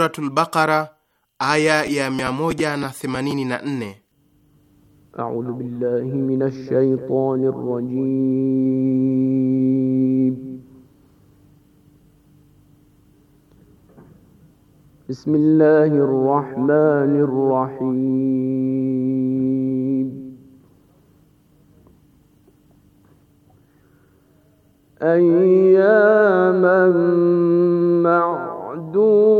Suratul Baqara aya ya 184. A'udhu billahi minash shaitanir rajim. Bismillahir rahmanir rahim. أياما معدودة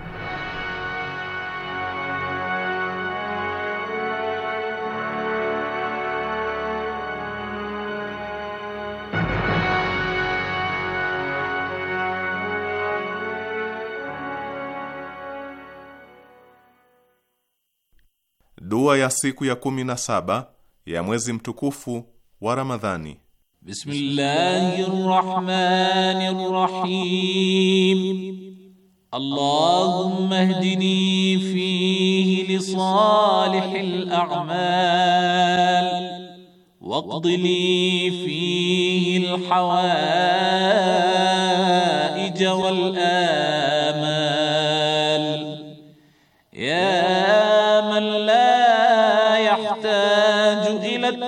Dua ya siku ya kumi na saba ya mwezi mtukufu wa Ramadhani. Bismillahirrahmanirrahim. Allahumma ihdini fihi li salihil a'mal waqdi li fihi al hawaij wal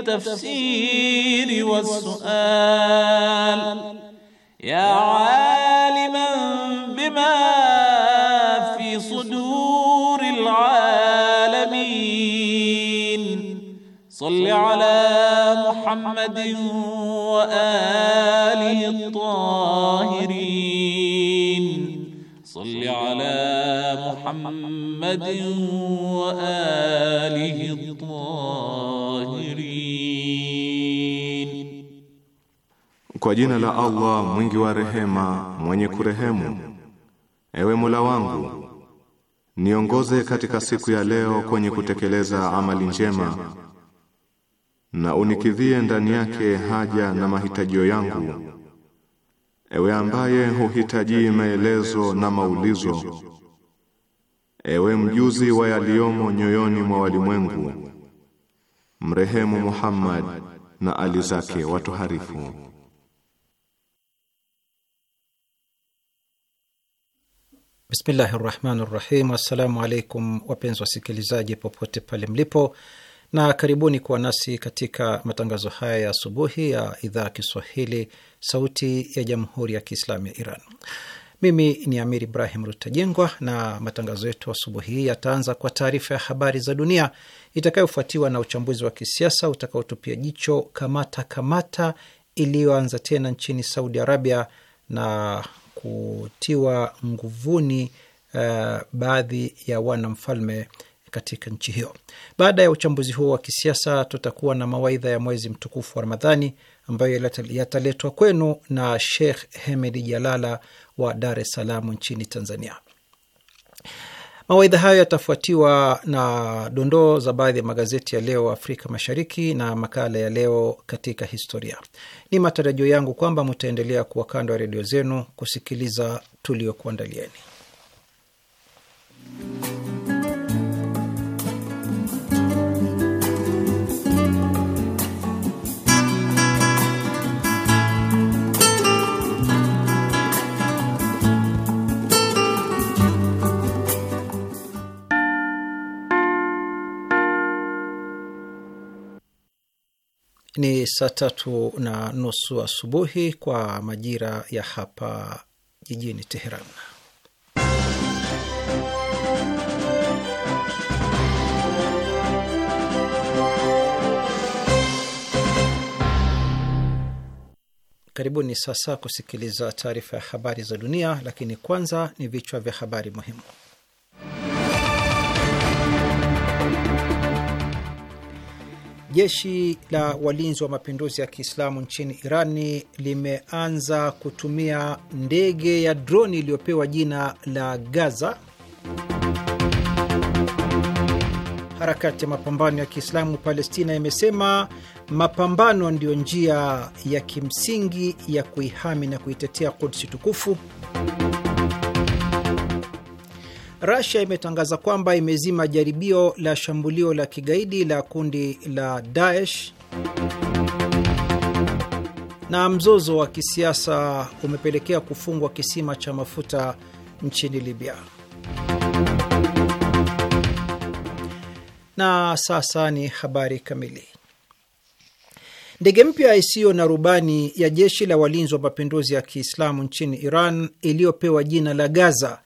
التفسير والسؤال يا عالما بما في صدور العالمين صل على محمد وآله الطاهرين صل على محمد وآله الطاهرين Kwa jina la Allah mwingi wa rehema, mwenye kurehemu. Ewe Mola wangu, niongoze katika siku ya leo kwenye kutekeleza amali njema na unikidhie ndani yake haja na mahitajio yangu. Ewe ambaye huhitaji maelezo na maulizo, ewe mjuzi wa yaliyomo nyoyoni mwa walimwengu, mrehemu Muhammad na ali zake watoharifu. Bismillahi rahmani rahim. Assalamu alaikum wapenzi wasikilizaji popote pale mlipo, na karibuni kuwa nasi katika matangazo haya ya asubuhi ya idhaa ya Kiswahili sauti ya jamhuri ya Kiislamu ya Iran. Mimi ni Amir Ibrahim Rutajengwa, na matangazo yetu asubuhi hii yataanza kwa taarifa ya habari za dunia itakayofuatiwa na uchambuzi wa kisiasa utakaotupia jicho kamata kamata iliyoanza tena nchini Saudi Arabia na kutiwa nguvuni uh, baadhi ya wanamfalme katika nchi hiyo. Baada ya uchambuzi huo wa kisiasa, tutakuwa na mawaidha ya mwezi mtukufu wa Ramadhani ambayo yataletwa kwenu na Sheikh Hemedi Jalala wa Dar es Salaam nchini Tanzania. Mawaidha hayo yatafuatiwa na dondoo za baadhi ya magazeti ya leo Afrika Mashariki na makala ya leo katika historia. Ni matarajio yangu kwamba mtaendelea kuwa kando ya redio zenu kusikiliza tuliokuandalieni. Ni saa tatu na nusu asubuhi kwa majira ya hapa jijini Teheran. Karibuni sasa kusikiliza taarifa ya habari za dunia, lakini kwanza ni vichwa vya habari muhimu. Jeshi la walinzi wa mapinduzi ya Kiislamu nchini Irani limeanza kutumia ndege ya droni iliyopewa jina la Gaza. Harakati ya mapambano ya Kiislamu Palestina imesema mapambano ndiyo njia ya kimsingi ya kuihami na kuitetea Kudsi tukufu. Rasia imetangaza kwamba imezima jaribio la shambulio la kigaidi la kundi la Daesh. Na mzozo wa kisiasa umepelekea kufungwa kisima cha mafuta nchini Libya. Na sasa ni habari kamili. Ndege mpya isiyo na rubani ya jeshi la walinzi wa mapinduzi ya Kiislamu nchini Iran iliyopewa jina la Gaza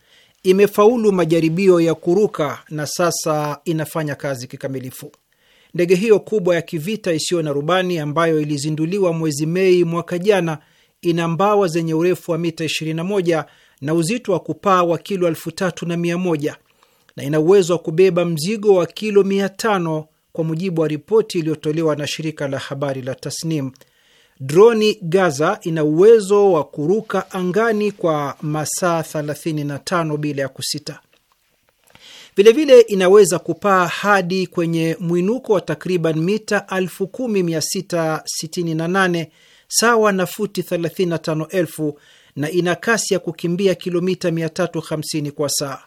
imefaulu majaribio ya kuruka na sasa inafanya kazi kikamilifu. Ndege hiyo kubwa ya kivita isiyo na rubani ambayo ilizinduliwa mwezi Mei mwaka jana ina mbawa zenye urefu wa mita 21 na uzito wa kupaa wa kilo elfu na na ina uwezo wa kubeba mzigo wa kilo 5 kwa mujibu wa ripoti iliyotolewa na shirika la habari la Tasnim. Droni Gaza ina uwezo wa kuruka angani kwa masaa 35 bila ya kusita. Vilevile inaweza kupaa hadi kwenye mwinuko wa takriban mita 10668 sawa na futi 35,000 na ina kasi ya kukimbia kilomita 350 kwa saa.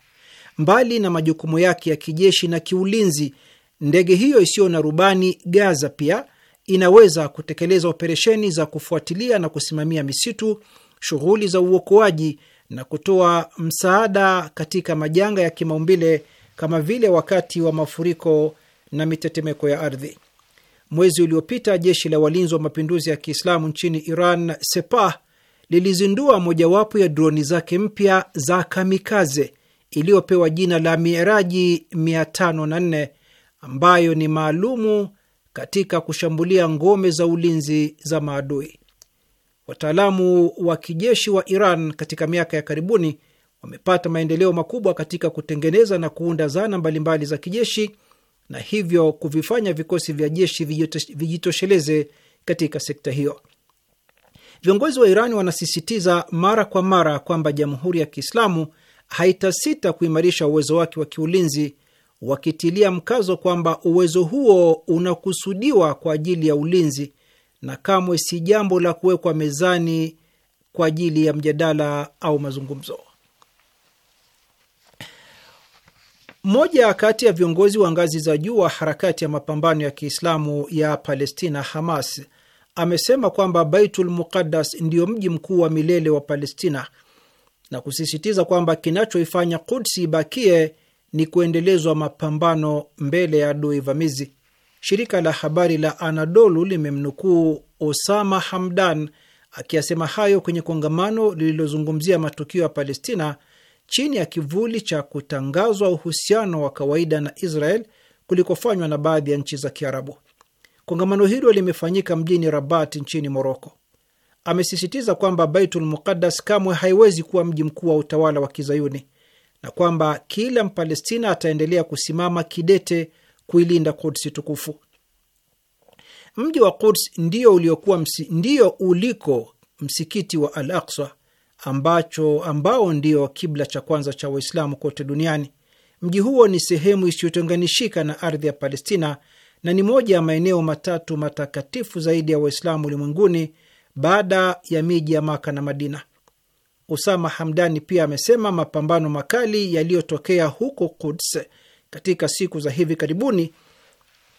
Mbali na majukumu yake ya kijeshi na kiulinzi, ndege hiyo isiyo na rubani Gaza pia inaweza kutekeleza operesheni za kufuatilia na kusimamia misitu, shughuli za uokoaji na kutoa msaada katika majanga ya kimaumbile kama vile wakati wa mafuriko na mitetemeko ya ardhi. Mwezi uliopita jeshi la walinzi wa mapinduzi ya Kiislamu nchini Iran, Sepah, lilizindua mojawapo ya droni zake mpya za kamikaze iliyopewa jina la Miraji 504 ambayo ni maalumu katika kushambulia ngome za ulinzi za maadui. Wataalamu wa kijeshi wa Iran katika miaka ya karibuni wamepata maendeleo makubwa katika kutengeneza na kuunda zana mbalimbali za kijeshi na hivyo kuvifanya vikosi vya jeshi vijitosheleze katika sekta hiyo. Viongozi wa Iran wanasisitiza mara kwa mara kwamba Jamhuri ya Kiislamu haitasita kuimarisha uwezo wake wa kiulinzi wakitilia mkazo kwamba uwezo huo unakusudiwa kwa ajili ya ulinzi na kamwe si jambo la kuwekwa mezani kwa ajili ya mjadala au mazungumzo. Mmoja kati ya viongozi wa ngazi za juu wa harakati ya mapambano ya Kiislamu ya Palestina, Hamas, amesema kwamba Baitul Muqaddas ndio mji mkuu wa milele wa Palestina na kusisitiza kwamba kinachoifanya Kudsi ibakie ni kuendelezwa mapambano mbele ya adui vamizi. Shirika la habari la Anadolu limemnukuu Osama Hamdan akiyasema hayo kwenye kongamano lililozungumzia matukio ya Palestina chini ya kivuli cha kutangazwa uhusiano wa kawaida na Israel kulikofanywa na baadhi ya nchi za Kiarabu. Kongamano hilo limefanyika mjini Rabat nchini Moroko. Amesisitiza kwamba Baitul Muqaddas kamwe haiwezi kuwa mji mkuu wa utawala wa Kizayuni na kwamba kila Mpalestina ataendelea kusimama kidete kuilinda Kudsi tukufu. Mji wa Kuds ndio uliokuwa msi, ndio uliko msikiti wa Al Aksa ambacho ambao ndio kibla cha kwanza cha Waislamu kote duniani. Mji huo ni sehemu isiyotenganishika na ardhi ya Palestina na ni moja ya maeneo matatu matakatifu zaidi ya Waislamu ulimwenguni baada ya miji ya Maka na Madina. Usama Hamdani pia amesema mapambano makali yaliyotokea huko Quds katika siku za hivi karibuni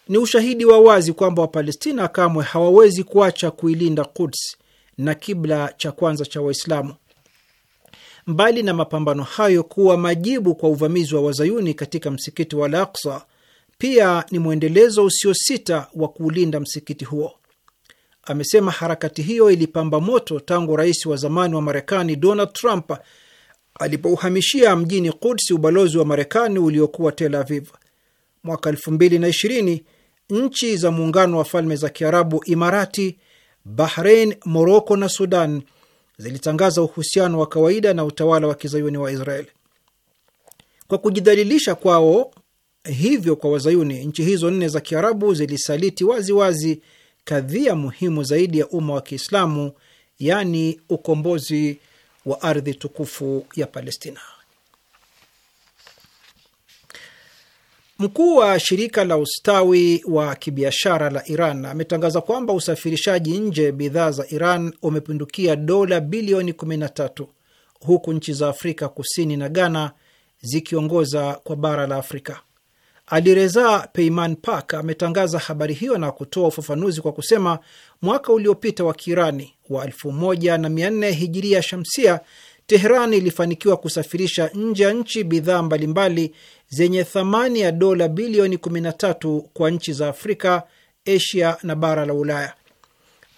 ni ushahidi wa wazi kwamba Wapalestina kamwe hawawezi kuacha kuilinda Quds na kibla cha kwanza cha Waislamu. Mbali na mapambano hayo kuwa majibu kwa uvamizi wa wazayuni katika msikiti wa Al-Aqsa, pia ni mwendelezo usiosita wa kuulinda msikiti huo amesema harakati hiyo ilipamba moto tangu rais wa zamani wa Marekani Donald Trump alipouhamishia mjini Kudsi ubalozi wa Marekani uliokuwa Tel Aviv. Mwaka 2020 nchi za Muungano wa Falme za Kiarabu, Imarati, Bahrein, Moroko na Sudan zilitangaza uhusiano wa kawaida na utawala wa kizayuni wa israel Kwa kujidhalilisha kwao hivyo kwa Wazayuni, nchi hizo nne za Kiarabu zilisaliti waziwazi wazi kadhia muhimu zaidi ya umma wa Kiislamu, yaani ukombozi wa ardhi tukufu ya Palestina. Mkuu wa shirika la ustawi wa kibiashara la Iran ametangaza kwamba usafirishaji nje bidhaa za Iran umepindukia dola bilioni 13 huku nchi za Afrika Kusini na Ghana zikiongoza kwa bara la Afrika. Alireza Peiman Pak ametangaza habari hiyo na kutoa ufafanuzi kwa kusema mwaka uliopita wa Kiirani wa 1400 hijiria shamsia, Teheran ilifanikiwa kusafirisha nje ya nchi bidhaa mbalimbali zenye thamani ya dola bilioni 13 kwa nchi za Afrika, Asia na bara la Ulaya.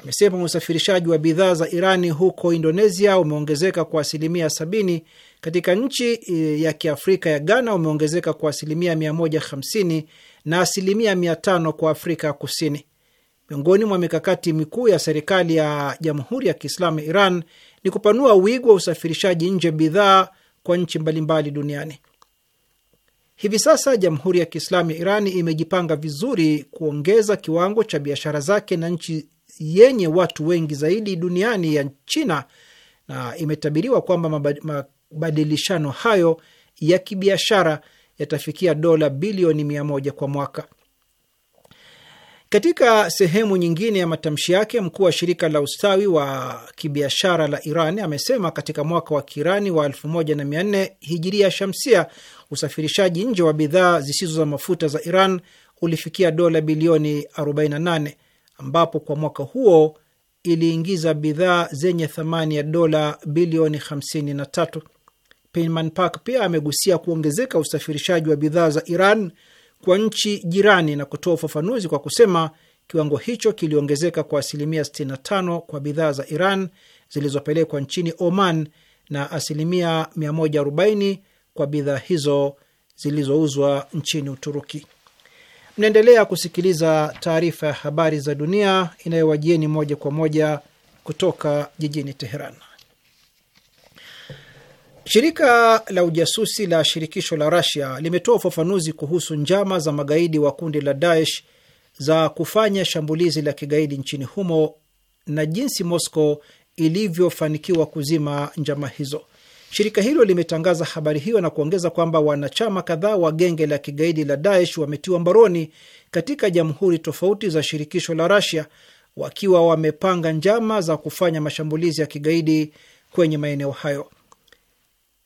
Amesema usafirishaji wa bidhaa za Irani huko Indonesia umeongezeka kwa asilimia 70 katika nchi eh, ya kiafrika ya Ghana umeongezeka kwa asilimia 150 na asilimia 500 kwa Afrika ya Kusini. Miongoni mwa mikakati mikuu ya serikali ya Jamhuri ya Kiislamu ya Iran ni kupanua wigo wa usafirishaji nje bidhaa kwa nchi mbalimbali duniani. Hivi sasa Jamhuri ya Kiislamu ya Iran imejipanga vizuri kuongeza kiwango cha biashara zake na nchi yenye watu wengi zaidi duniani ya China na imetabiriwa kwamba mabadilishano hayo ya kibiashara yatafikia dola bilioni mia moja kwa mwaka. Katika sehemu nyingine ya matamshi yake, mkuu wa shirika la ustawi wa kibiashara la Iran amesema katika mwaka wa Kiirani wa 1400 hijiria shamsia usafirishaji nje wa bidhaa zisizo za mafuta za Iran ulifikia dola bilioni 48 ambapo kwa mwaka huo iliingiza bidhaa zenye thamani ya dola bilioni 53. Peyman Park pia amegusia kuongezeka usafirishaji wa bidhaa za Iran kwa nchi jirani na kutoa ufafanuzi kwa kusema kiwango hicho kiliongezeka kwa asilimia 65 kwa bidhaa za Iran zilizopelekwa nchini Oman na asilimia 140 kwa bidhaa hizo zilizouzwa nchini Uturuki. Mnaendelea kusikiliza taarifa ya habari za dunia inayowajieni moja kwa moja kutoka jijini Teheran. Shirika la ujasusi la shirikisho la Rasia limetoa ufafanuzi kuhusu njama za magaidi wa kundi la Daesh za kufanya shambulizi la kigaidi nchini humo na jinsi Moscow ilivyofanikiwa kuzima njama hizo. Shirika hilo limetangaza habari hiyo na kuongeza kwamba wanachama kadhaa wa genge la kigaidi la Daesh wametiwa mbaroni katika jamhuri tofauti za shirikisho la Rasia wakiwa wamepanga njama za kufanya mashambulizi ya kigaidi kwenye maeneo hayo.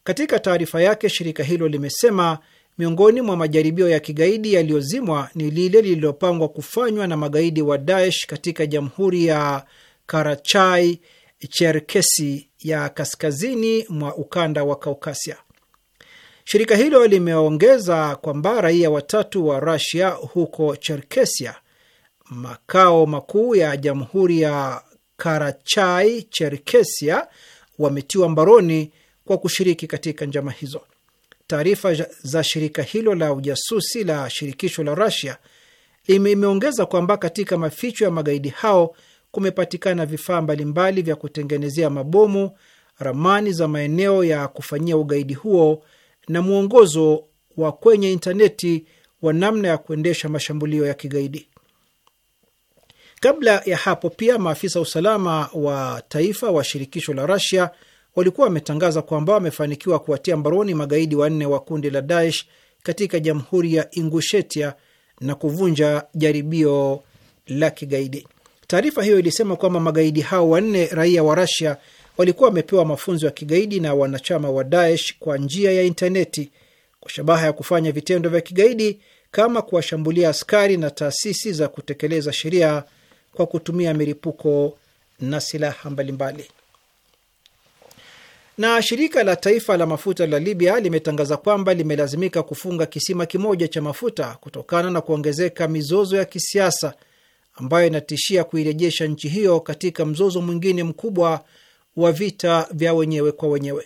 Katika taarifa yake, shirika hilo limesema miongoni mwa majaribio ya kigaidi yaliyozimwa ni lile lililopangwa kufanywa na magaidi wa Daesh katika jamhuri ya Karachai Cherkesi ya kaskazini mwa ukanda wa Kaukasia. Shirika hilo limeongeza kwamba raia watatu wa Rasia huko Cherkesia, makao makuu ya jamhuri ya Karachai Cherkesia, wametiwa mbaroni kwa kushiriki katika njama hizo. Taarifa za shirika hilo la ujasusi la shirikisho la rasia limeongeza kwamba katika maficho ya magaidi hao kumepatikana vifaa mbalimbali vya kutengenezea mabomu, ramani za maeneo ya kufanyia ugaidi huo na mwongozo wa kwenye intaneti wa namna ya kuendesha mashambulio ya kigaidi. Kabla ya hapo pia, maafisa usalama wa taifa wa shirikisho la Russia walikuwa wametangaza kwamba wamefanikiwa kuwatia mbaroni magaidi wanne wa kundi la Daesh katika jamhuri ya Ingushetia na kuvunja jaribio la kigaidi. Taarifa hiyo ilisema kwamba magaidi hao wanne raia wa Rasia walikuwa wamepewa mafunzo ya kigaidi na wanachama wa Daesh kwa njia ya intaneti kwa shabaha ya kufanya vitendo vya kigaidi kama kuwashambulia askari na taasisi za kutekeleza sheria kwa kutumia milipuko na silaha mbalimbali. Na shirika la taifa la mafuta la Libya limetangaza kwamba limelazimika kufunga kisima kimoja cha mafuta kutokana na kuongezeka mizozo ya kisiasa ambayo inatishia kuirejesha nchi hiyo katika mzozo mwingine mkubwa wa vita vya wenyewe kwa wenyewe.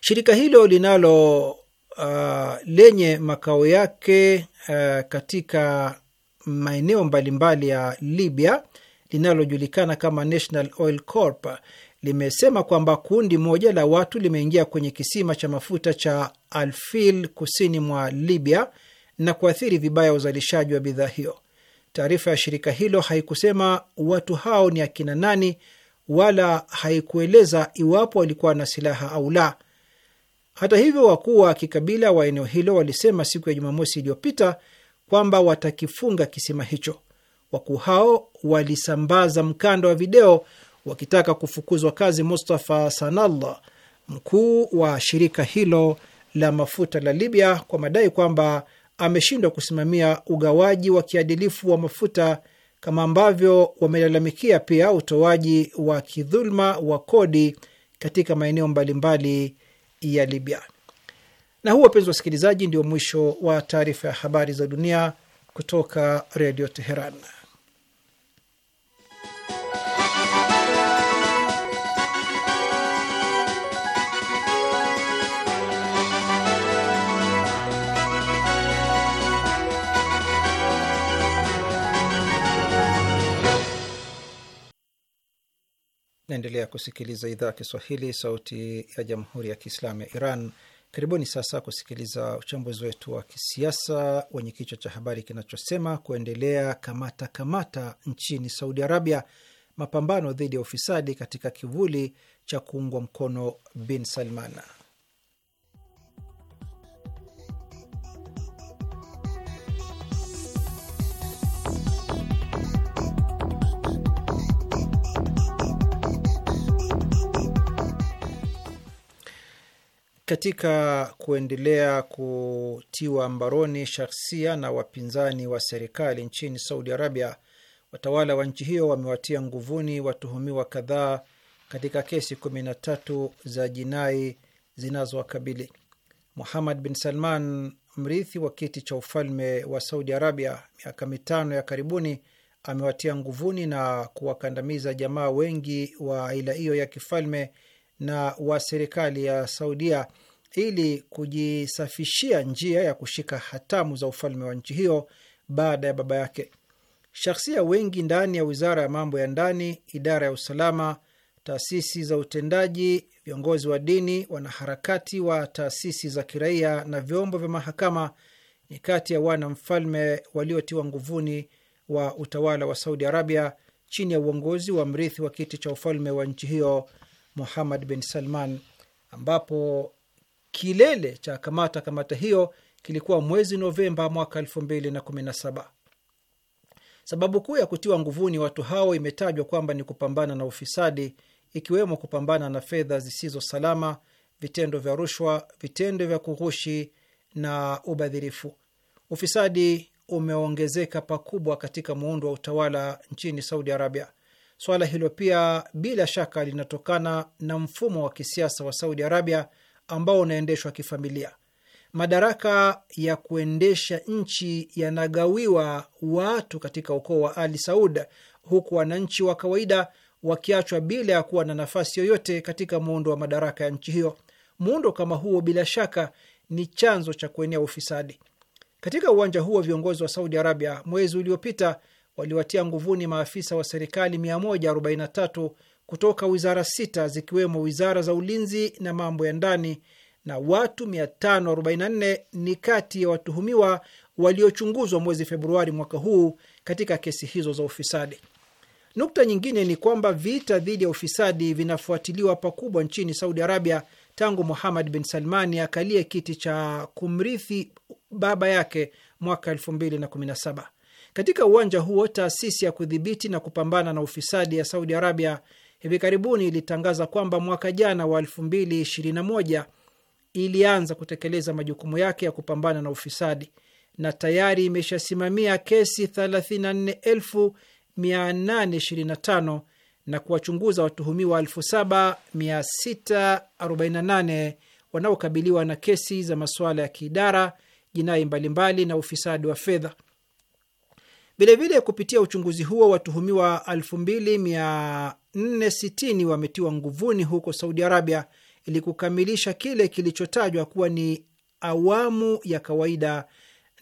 Shirika hilo linalo uh, lenye makao yake uh, katika maeneo mbalimbali ya Libya linalojulikana kama National Oil Corp limesema kwamba kundi moja la watu limeingia kwenye kisima cha mafuta cha Alfil kusini mwa Libya na kuathiri vibaya uzalishaji wa bidhaa hiyo. Taarifa ya shirika hilo haikusema watu hao ni akina nani wala haikueleza iwapo walikuwa na silaha au la. Hata hivyo, wakuu wa kikabila wa eneo hilo walisema siku ya Jumamosi iliyopita kwamba watakifunga kisima hicho. Wakuu hao walisambaza mkanda wa video wakitaka kufukuzwa kazi Mustafa Sanallah, mkuu wa shirika hilo la mafuta la Libya, kwa madai kwamba ameshindwa kusimamia ugawaji wa kiadilifu wa mafuta, kama ambavyo wamelalamikia pia utoaji wa kidhuluma wa kodi katika maeneo mbalimbali ya Libya. Na huu, wapenzi wasikilizaji, ndio mwisho wa taarifa ya habari za dunia kutoka Redio Teheran. Naendelea kusikiliza idhaa ya Kiswahili, sauti ya jamhuri ya kiislamu ya Iran. Karibuni sasa kusikiliza uchambuzi wetu wa kisiasa wenye kichwa cha habari kinachosema kuendelea kamata kamata nchini Saudi Arabia, mapambano dhidi ya ufisadi katika kivuli cha kuungwa mkono bin Salman. katika kuendelea kutiwa mbaroni shahsia na wapinzani wa serikali nchini Saudi Arabia, watawala wa nchi hiyo wamewatia nguvuni watuhumiwa kadhaa katika kesi kumi tatu za jinai zinazowakabili. Muhammad bin Salman, mrithi wa kiti cha ufalme wa Saudi Arabia, miaka mitano ya karibuni amewatia nguvuni na kuwakandamiza jamaa wengi wa aila hiyo ya kifalme na wa serikali ya Saudia ili kujisafishia njia ya kushika hatamu za ufalme wa nchi hiyo baada ya baba yake. Shahsia wengi ndani ya wizara ya mambo ya ndani, idara ya usalama, taasisi za utendaji, viongozi wa dini, wanaharakati wa taasisi za kiraia na vyombo vya mahakama ni kati ya wana mfalme waliotiwa nguvuni wa utawala wa Saudi Arabia chini ya uongozi wa mrithi wa kiti cha ufalme wa nchi hiyo Muhammad bin Salman, ambapo kilele cha kamata kamata hiyo kilikuwa mwezi Novemba mwaka saba. Sababu kuu ya kutiwa nguvuni watu hao imetajwa kwamba ni kupambana na ufisadi, ikiwemo kupambana na fedha zisizo salama, vitendo vya rushwa, vitendo vya kughushi na ubadhirifu. Ufisadi umeongezeka pakubwa katika muundo wa utawala nchini Saudi Arabia. Swala hilo pia bila shaka linatokana na mfumo wa kisiasa wa Saudi Arabia ambao unaendeshwa kifamilia. Madaraka ya kuendesha nchi yanagawiwa watu katika ukoo wa Ali Saud, huku wananchi wa kawaida wakiachwa bila ya kuwa na nafasi yoyote katika muundo wa madaraka ya nchi hiyo. Muundo kama huo bila shaka ni chanzo cha kuenea ufisadi katika uwanja huo. Viongozi wa Saudi Arabia mwezi uliopita waliwatia nguvuni maafisa wa serikali 143 kutoka wizara sita zikiwemo wizara za ulinzi na mambo ya ndani na watu 544 ni kati ya watuhumiwa waliochunguzwa mwezi Februari mwaka huu katika kesi hizo za ufisadi. Nukta nyingine ni kwamba vita dhidi ya ufisadi vinafuatiliwa pakubwa nchini Saudi Arabia tangu Muhammad bin Salmani akalie kiti cha kumrithi baba yake mwaka 217 katika uwanja huo, taasisi ya kudhibiti na kupambana na ufisadi ya Saudi Arabia hivi karibuni ilitangaza kwamba mwaka jana wa 2021 ilianza kutekeleza majukumu yake ya kupambana na ufisadi na tayari imeshasimamia kesi 34825 na kuwachunguza watuhumiwa 7648 wanaokabiliwa na kesi za masuala ya kiidara, jinai mbalimbali na ufisadi wa fedha. Vilevile, kupitia uchunguzi huo watuhumiwa 2460 wametiwa nguvuni huko Saudi Arabia ili kukamilisha kile kilichotajwa kuwa ni awamu ya kawaida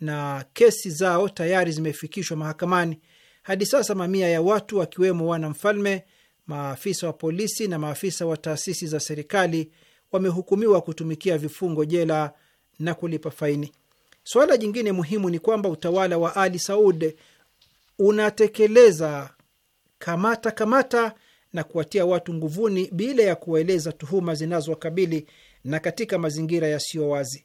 na kesi zao tayari zimefikishwa mahakamani. Hadi sasa mamia ya watu wakiwemo wana mfalme, maafisa wa polisi na maafisa wa taasisi za serikali wamehukumiwa kutumikia vifungo jela na kulipa faini. Suala jingine muhimu ni kwamba utawala wa Ali Saud unatekeleza kamata kamata na kuwatia watu nguvuni bila ya kuwaeleza tuhuma zinazowakabili na katika mazingira yasiyo wazi.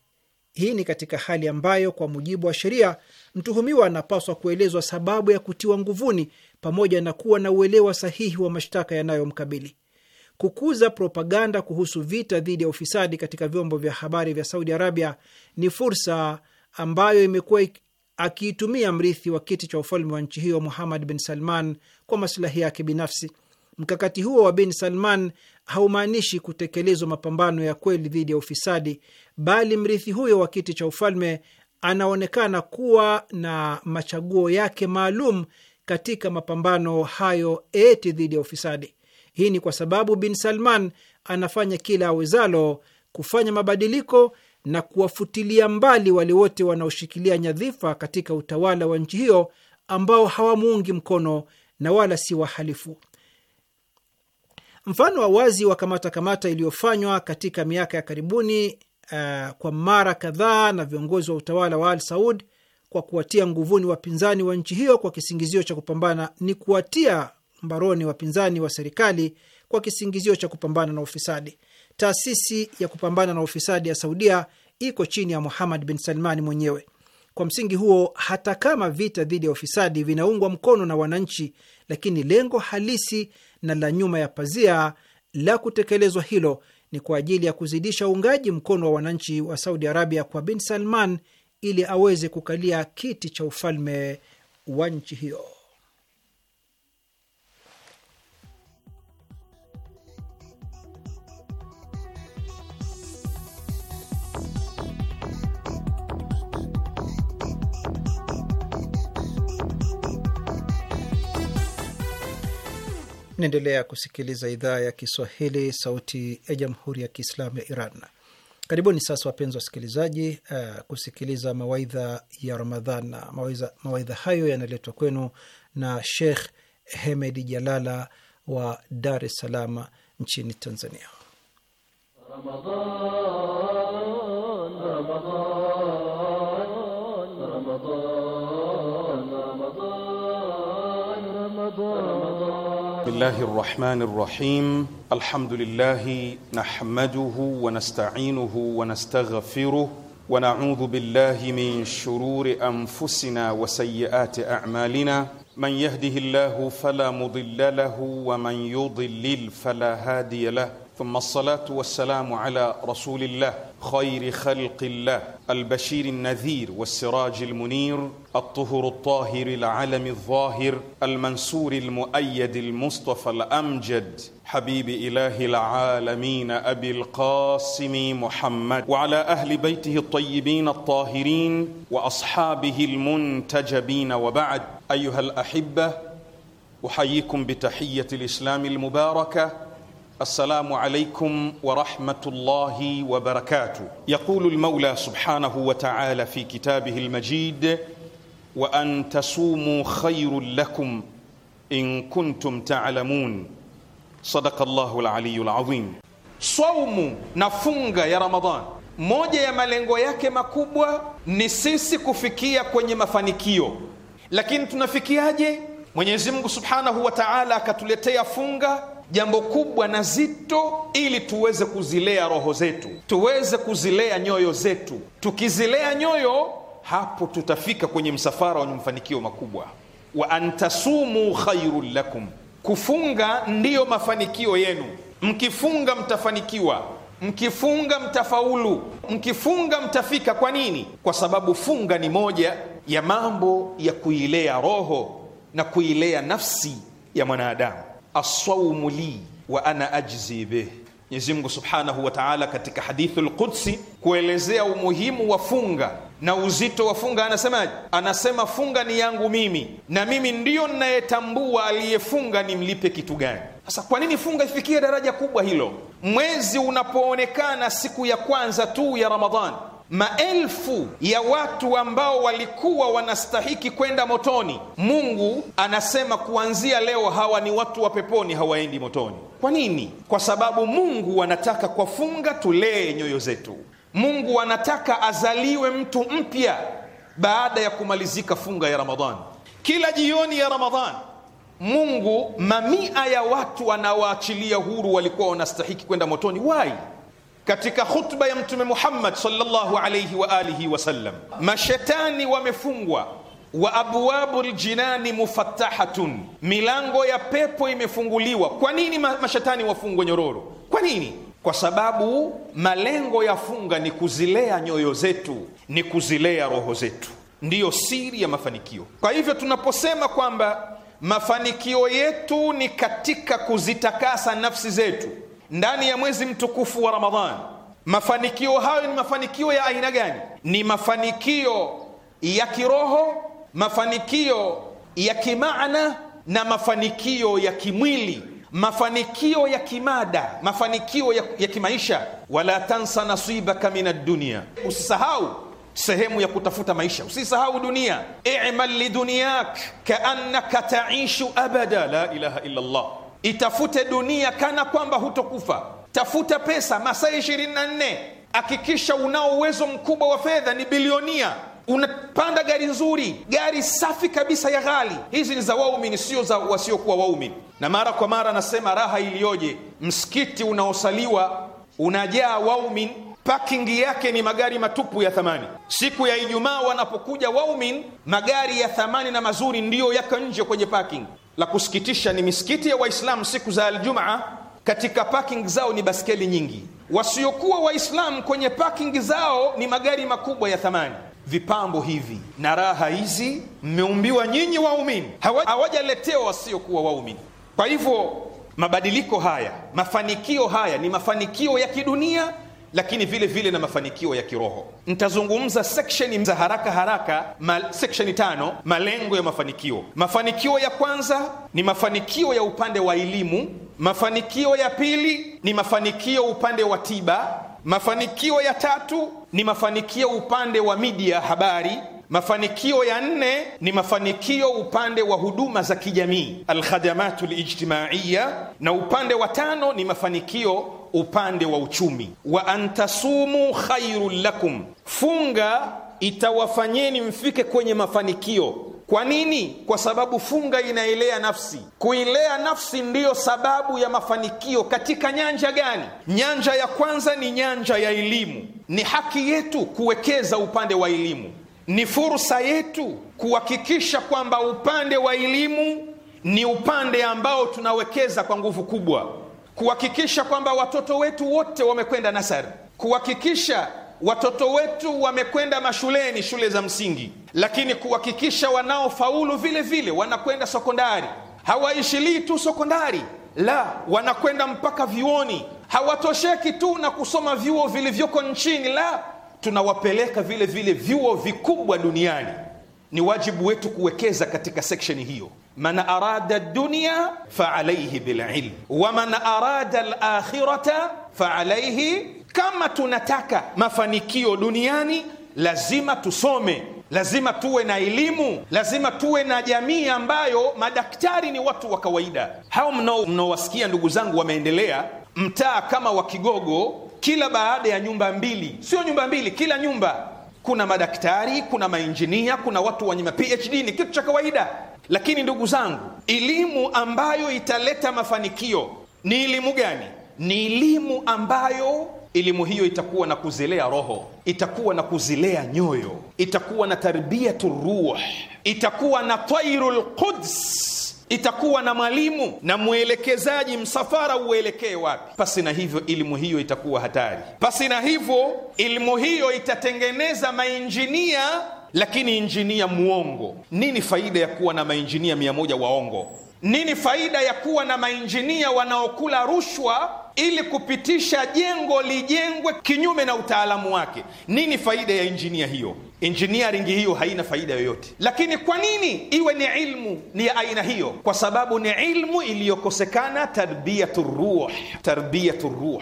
Hii ni katika hali ambayo kwa mujibu wa sheria mtuhumiwa anapaswa kuelezwa sababu ya kutiwa nguvuni pamoja na kuwa na uelewa sahihi wa mashtaka yanayomkabili. Kukuza propaganda kuhusu vita dhidi ya ufisadi katika vyombo vya habari vya Saudi Arabia ni fursa ambayo imekuwa akiitumia mrithi wa kiti cha ufalme wa nchi hiyo Muhammad bin Salman kwa masilahi yake binafsi. Mkakati huo wa bin Salman haumaanishi kutekelezwa mapambano ya kweli dhidi ya ufisadi, bali mrithi huyo wa kiti cha ufalme anaonekana kuwa na machaguo yake maalum katika mapambano hayo eti dhidi ya ufisadi. Hii ni kwa sababu bin Salman anafanya kila awezalo kufanya mabadiliko na kuwafutilia mbali wale wote wanaoshikilia nyadhifa katika utawala wa nchi hiyo ambao hawamuungi mkono na wala si wahalifu. Mfano wa wazi wa kamata kamata iliyofanywa katika miaka ya karibuni uh, kwa mara kadhaa na viongozi wa utawala wa Al Saud kwa kuwatia nguvuni wapinzani wa nchi hiyo kwa kisingizio cha kupambana ni kuwatia mbaroni wapinzani wa serikali kwa kisingizio cha kupambana na ufisadi. Taasisi ya kupambana na ufisadi ya Saudia iko chini ya Muhamad bin Salmani mwenyewe. Kwa msingi huo, hata kama vita dhidi ya ufisadi vinaungwa mkono na wananchi, lakini lengo halisi na la nyuma ya pazia la kutekelezwa hilo ni kwa ajili ya kuzidisha uungaji mkono wa wananchi wa Saudi Arabia kwa bin Salman ili aweze kukalia kiti cha ufalme wa nchi hiyo. Naendelea kusikiliza idhaa ya Kiswahili, sauti ya jamhuri ya kiislamu ya Iran. Karibuni sasa wapenzi wasikilizaji, uh, kusikiliza mawaidha ya Ramadhan. Mawaidha hayo yanaletwa kwenu na Sheikh Hemedi Jalala wa Dar es Salaam nchini Tanzania. Ramadhan, Ramadhan. الله الرحمن الرحيم الحمد لله نحمده ونستعينه ونستغفره ونعوذ بالله من شرور انفسنا وسيئات اعمالنا من يهده الله فلا مضل له ومن يضلل فلا هادي له ثم الصلاة والسلام على رسول الله خير خلق الله البشير النذير والسراج المنير الطهر الطاهر العلم الظاهر المنصور المؤيد المصطفى الأمجد حبيب إله العالمين أبي القاسم محمد وعلى أهل بيته الطيبين الطاهرين وأصحابه المنتجبين وبعد أيها الأحبة أحييكم بتحية الإسلام المباركة السلام عليكم ورحمة الله وبركاته يقول المولى سبحانه وتعالى في كتابه المجيد وأن تصوموا خير لكم إن كنتم تعلمون صدق الله العلي العظيم صوم نفنج يا رمضان moja ya malengo yake makubwa ni sisi kufikia kwenye mafanikio lakini tunafikiaje mwenyezi mungu subhanahu wa taala akatuletea funga jambo kubwa na zito, ili tuweze kuzilea roho zetu, tuweze kuzilea nyoyo zetu. Tukizilea nyoyo, hapo tutafika kwenye msafara wenye mafanikio makubwa. wa antasumu khairun lakum, kufunga ndiyo mafanikio yenu. Mkifunga mtafanikiwa, mkifunga mtafaulu, mkifunga mtafika. Kwa nini? Kwa sababu funga ni moja ya mambo ya kuilea roho na kuilea nafsi ya mwanadamu assaumu li wa ana ajzi bih. Mwenyezi Mungu Subhanahu wa Ta'ala katika hadithul Qudsi kuelezea umuhimu wa funga na uzito wa funga anasemaje? Anasema funga ni yangu mimi na mimi ndiyo ninayetambua aliyefunga nimlipe kitu gani. Sasa kwa nini funga ifikie daraja kubwa hilo? Mwezi unapoonekana siku ya kwanza tu ya Ramadhani maelfu ya watu ambao walikuwa wanastahiki kwenda motoni. Mungu anasema kuanzia leo hawa ni watu wa peponi, hawaendi motoni. Kwa nini? Kwa sababu Mungu anataka kwa funga tulee nyoyo zetu. Mungu anataka azaliwe mtu mpya baada ya kumalizika funga ya Ramadhani. Kila jioni ya Ramadhani Mungu mamia ya watu anawaachilia huru, walikuwa wanastahiki kwenda motoni. Wai katika khutba ya Mtume Muhammad sallallahu alayhi wa alihi sallam, mashetani wamefungwa wa abwabu ljinani mufattahatun, milango ya pepo imefunguliwa. Kwa nini mashetani wafungwe nyororo? Kwa nini? Kwa sababu malengo ya funga ni kuzilea nyoyo zetu, ni kuzilea roho zetu, ndiyo siri ya mafanikio. Kwa hivyo tunaposema kwamba mafanikio yetu ni katika kuzitakasa nafsi zetu ndani ya mwezi mtukufu wa Ramadhani. Mafanikio hayo ni mafanikio ya aina gani? Ni mafanikio ya kiroho, mafanikio ya kimaana na mafanikio ya kimwili, mafanikio ya kimada, mafanikio ya, ya kimaisha. Wala tansa nasibaka minad dunya, usisahau sehemu ya kutafuta maisha, usisahau dunia. I'mal lidunyak kaannaka taishu abada la ilaha illa Allah itafute dunia kana kwamba hutokufa. Tafuta pesa masaa ishirini na nne, hakikisha unao uwezo mkubwa wa fedha, ni bilionia unapanda gari nzuri, gari safi kabisa ya ghali. Hizi ni za waumini, sio za wasiokuwa waumini. Na mara kwa mara anasema raha iliyoje, msikiti unaosaliwa unajaa waumini parking yake ni magari matupu ya thamani. Siku ya Ijumaa wanapokuja waumin, magari ya thamani na mazuri ndiyo yako nje kwenye parking. La kusikitisha ni misikiti ya Waislamu siku za Aljumaa, katika parking zao ni baskeli nyingi. Wasiokuwa Waislamu kwenye parking zao ni magari makubwa ya thamani. Vipambo hivi na raha hizi mmeumbiwa nyinyi waumini, hawajaletewa wasiokuwa waumini. Kwa hivyo mabadiliko haya, mafanikio haya ni mafanikio ya kidunia lakini vile vile na mafanikio ya kiroho. ntazungumza sekshen za haraka haraka ma, tano, malengo ya mafanikio. Mafanikio ya kwanza ni mafanikio ya upande wa elimu, mafanikio ya pili ni mafanikio upande wa tiba, mafanikio ya tatu ni mafanikio upande wa midia habari mafanikio ya nne ni mafanikio upande wa huduma za kijamii alkhadamatu lijtimaiya, na upande wa tano ni mafanikio upande wa uchumi. Wa antasumu khairu lakum, funga itawafanyeni mfike kwenye mafanikio. Kwa nini? Kwa sababu funga inaelea nafsi. Kuilea nafsi ndiyo sababu ya mafanikio. Katika nyanja gani? Nyanja ya kwanza ni nyanja ya elimu. Ni haki yetu kuwekeza upande wa elimu, ni fursa yetu kuhakikisha kwamba upande wa elimu ni upande ambao tunawekeza kwa nguvu kubwa kuhakikisha kwamba watoto wetu wote wamekwenda nasari, kuhakikisha watoto wetu wamekwenda mashuleni, shule za msingi, lakini kuhakikisha wanaofaulu vile vile wanakwenda sekondari. Hawaishilii tu sekondari, la, wanakwenda mpaka vyuoni. Hawatosheki tu na kusoma vyuo vilivyoko nchini, la, tunawapeleka vile vile vyuo vikubwa duniani. Ni wajibu wetu kuwekeza katika seksheni hiyo man arada dunya faalaihi bililm waman arada lakhirata faalaihi. Kama tunataka mafanikio duniani, lazima tusome, lazima tuwe na elimu, lazima tuwe na jamii ambayo madaktari ni watu wa kawaida. Hao mnaowasikia ndugu zangu wameendelea mtaa kama wa Kigogo, kila baada ya nyumba mbili, sio nyumba mbili, kila nyumba kuna madaktari, kuna mainjinia, kuna watu wenye maphd. Ni kitu cha kawaida, lakini ndugu zangu, elimu ambayo italeta mafanikio ni elimu gani? Ni elimu ambayo elimu hiyo itakuwa na kuzilea roho, itakuwa na kuzilea nyoyo, itakuwa na tarbiyatu ruh, itakuwa na tairu quds itakuwa na mwalimu na mwelekezaji, msafara uelekee wapi. Pasi na hivyo, elimu hiyo itakuwa hatari. Pasi na hivyo, elimu hiyo itatengeneza mainjinia, lakini injinia mwongo. Nini faida ya kuwa na mainjinia mia moja waongo? Nini faida ya kuwa na mainjinia wanaokula rushwa ili kupitisha jengo lijengwe kinyume na utaalamu wake? Nini faida ya injinia hiyo? engineering hiyo haina faida yoyote. Lakini kwa nini iwe ni ilmu ni ya aina hiyo? Kwa sababu ni ilmu iliyokosekana tarbiyatu ruh, tarbiyatu ruh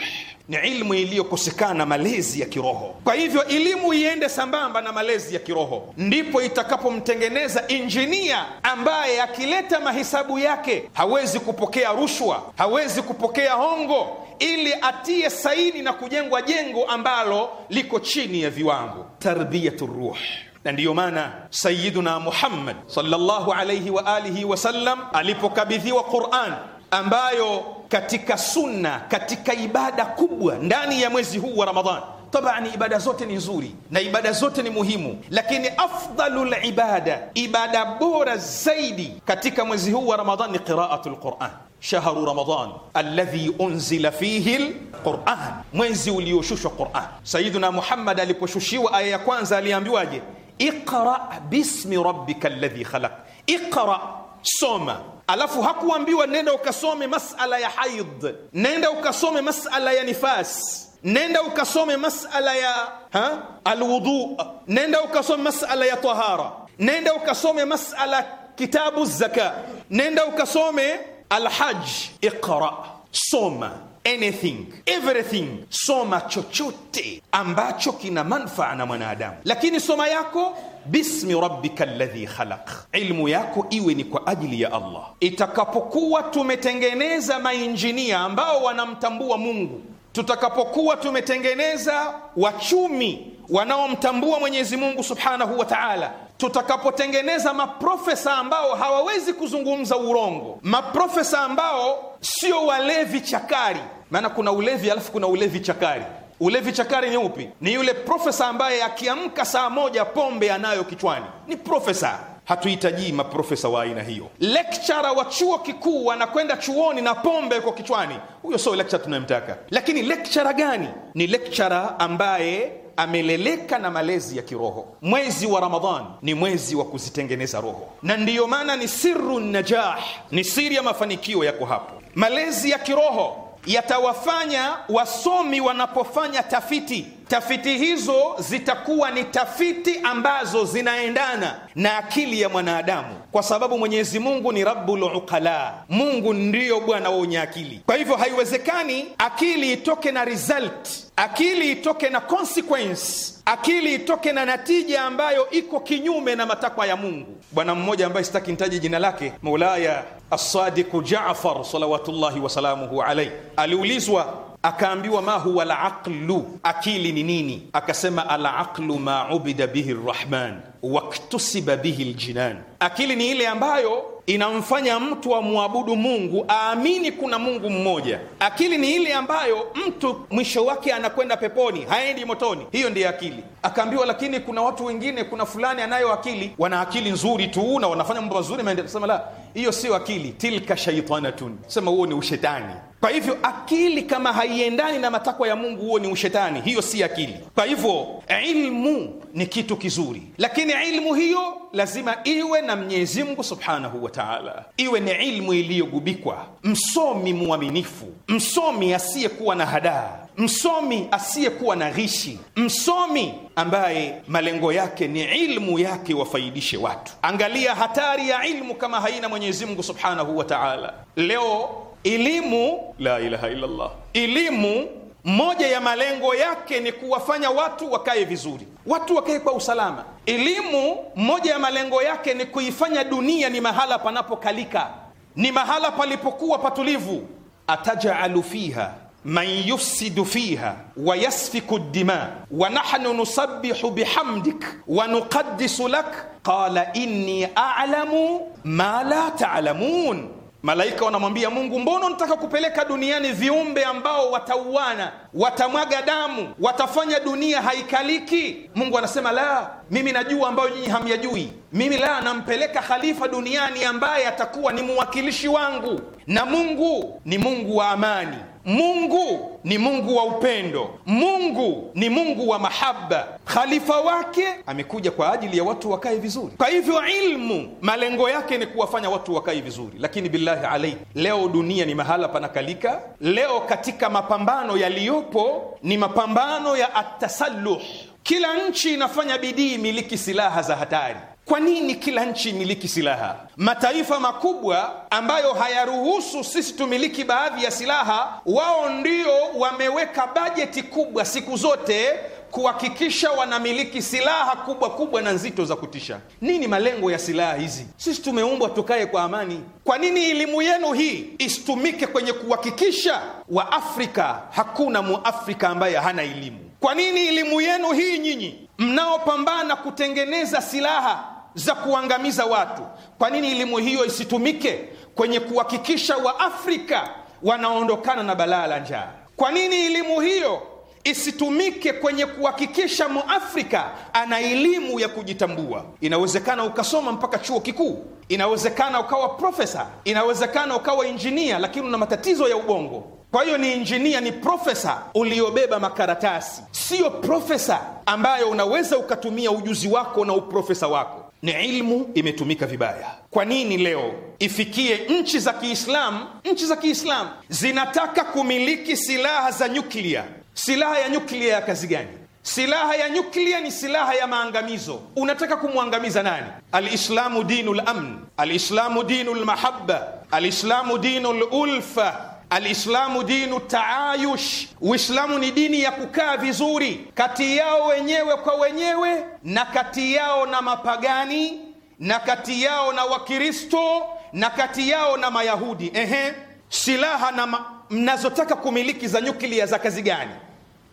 ni ilmu iliyokosekana malezi ya kiroho. Kwa hivyo elimu iende sambamba na malezi ya kiroho, ndipo itakapomtengeneza injinia ambaye akileta mahesabu yake hawezi kupokea rushwa, hawezi kupokea hongo, ili atie saini na kujengwa jengo ambalo liko chini ya viwango. Tarbiyatu ruh na ndiyo maana Sayiduna Muhammad sallallahu alaihi wa alihi wasallam alipokabidhiwa Quran ambayo katika sunna, katika ibada kubwa ndani ya mwezi huu wa Ramadhani. Tabani, ibada zote ni nzuri na ibada zote ni muhimu, lakini afdalul libada ibada bora zaidi katika mwezi huu wa Ramadhani ni qiraatul Quran. Shahru Ramadan alladhi unzila fihi lquran, mwezi ulioshushwa Quran. Sayiduna Muhammad aliposhushiwa aya ya kwanza aliambiwaje? Iqra bismi rabbika alladhi khalaq, iqra, soma alafu hakuambiwa nenda ukasome masala ya haid, nenda ukasome masala ya nifasi nenda ukasome masala ya ha? alwudu, nenda ukasome masala ya tahara, nenda ukasome masala kitabu zaka, nenda ukasome alhaj. Iqra, soma anything everything, soma chochote ambacho kina manfaa na mwanadamu, lakini soma yako bismi rabbika alladhi khalaq, ilmu yako iwe ni kwa ajili ya Allah. Itakapokuwa tumetengeneza mainjinia ambao wanamtambua Mungu, tutakapokuwa tumetengeneza wachumi wanaomtambua Mwenyezi Mungu subhanahu wa ta'ala tutakapotengeneza maprofesa ambao hawawezi kuzungumza urongo, maprofesa ambao sio walevi chakari. Maana kuna ulevi alafu kuna ulevi chakari. Ulevi chakari ni upi? Ni yule profesa ambaye akiamka saa moja pombe anayo kichwani, ni profesa. Hatuhitajii maprofesa wa aina hiyo. Lekchara wa chuo kikuu wanakwenda chuoni na pombe kwa kichwani, huyo sio lekchara tunayemtaka. Lakini lekchara gani? Ni lekchara ambaye ameleleka na malezi ya kiroho. Mwezi wa Ramadhan ni mwezi wa kuzitengeneza roho, na ndiyo maana ni siru najah, ni siri ya mafanikio yako hapo. Malezi ya kiroho yatawafanya wasomi wanapofanya tafiti tafiti hizo zitakuwa ni tafiti ambazo zinaendana na akili ya mwanadamu, kwa sababu Mwenyezi Mungu ni rabbul uqala, Mungu ndiyo bwana wa wenye akili. Kwa hivyo haiwezekani akili itoke na result, akili itoke na consequence, akili itoke na natija ambayo iko kinyume na matakwa ya Mungu. Bwana mmoja ambaye sitaki nitaje jina lake, Maulaya Assadiku jafar salawatullahi wasalamuhu alaihi, aliulizwa Akaambiwa ma huwa alaqlu, akili ni nini? Akasema alaqlu ma ubida bihi rrahman waktusiba bihi ljinan. Akili ni ile ambayo inamfanya mtu amwabudu Mungu, aamini kuna Mungu mmoja. Akili ni ile ambayo mtu mwisho wake anakwenda peponi, haendi motoni. Hiyo ndiyo akili. Akaambiwa lakini kuna watu wengine, kuna fulani anayo akili, wana akili nzuri tu na wanafanya mambo mazuri, sema la, hiyo sio akili. Tilka shaitanatun, sema huo ni ushetani. Kwa hivyo akili kama haiendani na matakwa ya Mungu, huo ni ushetani, hiyo si akili. Kwa hivyo ilmu ni kitu kizuri, lakini lakini ilmu hiyo lazima iwe na Mwenyezi Mungu subhanahu wa taala, iwe ni ilmu iliyogubikwa. Msomi mwaminifu, msomi asiyekuwa na hadaa, msomi asiyekuwa na ghishi, msomi ambaye malengo yake ni ilmu yake wafaidishe watu. Angalia hatari ya ilmu kama haina Mwenyezi Mungu subhanahu wa taala. Leo elimu, la ilaha illallah, elimu moja ya malengo yake ni kuwafanya watu wakae vizuri, watu wakae kwa usalama. Elimu moja ya malengo yake ni kuifanya dunia ni mahala panapokalika, ni mahala palipokuwa patulivu. atajalu fiha man yufsidu fiha wa yasfiku dima wa nahnu nusabbihu bihamdik wa nuqaddisu lak qala inni a'lamu ma la ta'lamun ta Malaika wanamwambia Mungu, mbona unataka kupeleka duniani viumbe ambao watauana, watamwaga damu, watafanya dunia haikaliki? Mungu anasema la, mimi najua ambayo nyinyi hamyajui. Mimi la, nampeleka khalifa duniani ambaye atakuwa ni mwakilishi wangu, na Mungu ni Mungu wa amani. Mungu ni Mungu wa upendo, Mungu ni Mungu wa mahaba. Khalifa wake amekuja kwa ajili ya watu wakae vizuri. Kwa hivyo, ilmu malengo yake ni kuwafanya watu wakae vizuri, lakini billahi alaihi, leo dunia ni mahala panakalika. Leo katika mapambano yaliyopo ni mapambano ya atasaluh Kila nchi inafanya bidii miliki silaha za hatari kwa nini kila nchi imiliki silaha? Mataifa makubwa ambayo hayaruhusu sisi tumiliki baadhi ya silaha, wao ndio wameweka bajeti kubwa siku zote kuhakikisha wanamiliki silaha kubwa kubwa na nzito za kutisha. Nini malengo ya silaha hizi? Sisi tumeumbwa tukae kwa amani. Kwa nini elimu yenu hii isitumike kwenye kuhakikisha Waafrika, hakuna Muafrika ambaye hana elimu? Kwa nini elimu yenu hii nyinyi mnaopambana kutengeneza silaha za kuangamiza watu. Kwa nini elimu hiyo isitumike kwenye kuhakikisha Waafrika wanaondokana na balaa la njaa? Kwa nini elimu hiyo isitumike kwenye kuhakikisha Muafrika ana elimu ya kujitambua? Inawezekana ukasoma mpaka chuo kikuu, inawezekana ukawa profesa, inawezekana ukawa injinia, lakini una matatizo ya ubongo. Kwa hiyo ni injinia, ni profesa uliobeba makaratasi, siyo profesa ambayo unaweza ukatumia ujuzi wako na uprofesa wako ni ilmu imetumika vibaya. Kwa nini leo ifikie nchi za Kiislamu, nchi za Kiislamu zinataka kumiliki silaha za nyuklia? Silaha ya nyuklia ya kazi gani? Silaha ya nyuklia ni silaha ya maangamizo. Unataka kumwangamiza nani? Alislamu dinu lamn, alislamu dinu lmahaba, alislamu dinu lulfa Alislamu dinu taayush, Uislamu ni dini ya kukaa vizuri kati yao wenyewe kwa wenyewe na kati yao na mapagani na kati yao na Wakristo na kati yao na Mayahudi. Ehe, silaha na ma mnazotaka kumiliki za nyuklia za kazi gani?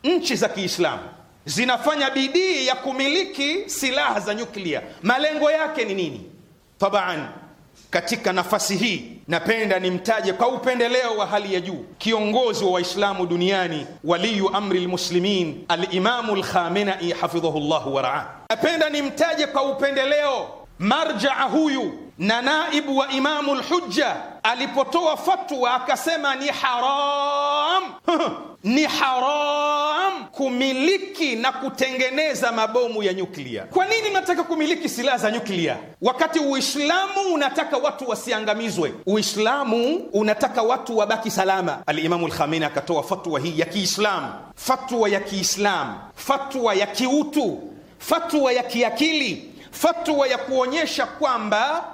Nchi za Kiislamu zinafanya bidii ya kumiliki silaha za nyuklia, malengo yake ni nini? Tabaan katika nafasi hii napenda nimtaje kwa upendeleo wa hali ya juu kiongozi wa Waislamu duniani, waliyu amri lmuslimin Alimamu Lkhamenai hafidhahu llahu waraa. Napenda nimtaje kwa upendeleo marjaa huyu na naibu wa Imamu Lhujja alipotoa fatwa akasema ni haram ni haram kumiliki na kutengeneza mabomu ya nyuklia. Kwa nini mnataka kumiliki silaha za nyuklia wakati Uislamu unataka watu wasiangamizwe? Uislamu unataka watu wabaki salama. Alimamu Lkhamenei akatoa fatwa hii ya Kiislamu, fatwa ya Kiislamu, fatwa ya kiutu, fatwa ya kiakili, fatwa ya kuonyesha kwamba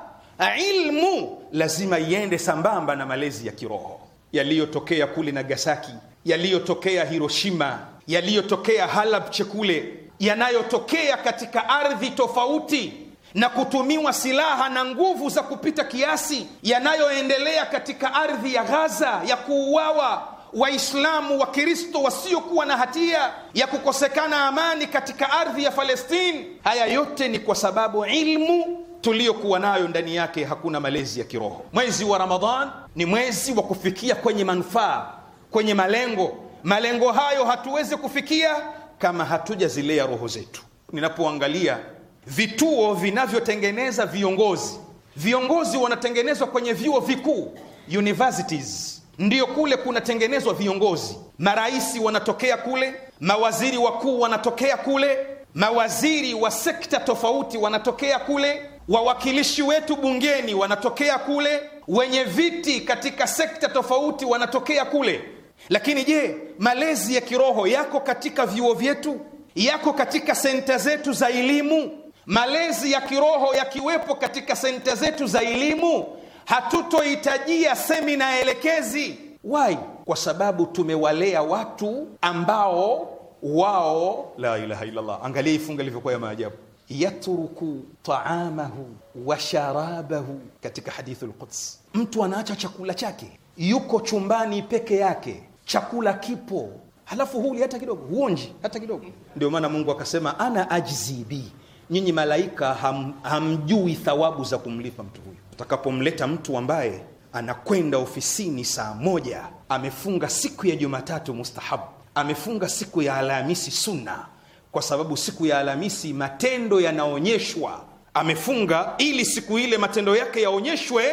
ilmu lazima iende sambamba na malezi ya kiroho yaliyotokea kule Nagasaki, yaliyotokea Hiroshima, yaliyotokea Halab chekule, yanayotokea katika ardhi tofauti na kutumiwa silaha na nguvu za kupita kiasi, yanayoendelea katika ardhi ya Gaza ya kuuawa Waislamu wa kristo wasiokuwa na hatia, ya kukosekana amani katika ardhi ya Falestini. Haya yote ni kwa sababu ilmu tuliyokuwa nayo ndani yake hakuna malezi ya kiroho. Mwezi wa Ramadhan ni mwezi wa kufikia kwenye manufaa, kwenye malengo. Malengo hayo hatuwezi kufikia kama hatujazilea roho zetu. Ninapoangalia vituo vinavyotengeneza viongozi, viongozi wanatengenezwa kwenye vyuo vikuu universities, ndiyo kule kunatengenezwa viongozi. Marais wanatokea kule, mawaziri wakuu wanatokea kule, mawaziri wa sekta tofauti wanatokea kule wawakilishi wetu bungeni wanatokea kule, wenye viti katika sekta tofauti wanatokea kule. Lakini je, malezi ya kiroho yako katika vyuo vyetu? Yako katika senta zetu za elimu? Malezi ya kiroho yakiwepo katika senta zetu za elimu, hatutohitajia semina elekezi. Why? Kwa sababu tumewalea watu ambao wao, la ilaha illallah. Angalia ifunga ilivyokuwa ya maajabu yatruku taamahu wa sharabahu, katika hadithu lquds, mtu anaacha chakula chake, yuko chumbani peke yake, chakula kipo, halafu huli hata kidogo, huonji hata kidogo. Ndio maana Mungu akasema ana ajzi bi Nyinyi malaika ham, hamjui thawabu za kumlipa mtu huyu. Utakapomleta mtu ambaye anakwenda ofisini saa moja, amefunga siku ya Jumatatu mustahabu, amefunga siku ya Alhamisi sunna, kwa sababu siku ya Alhamisi matendo yanaonyeshwa. Amefunga ili siku ile matendo yake yaonyeshwe,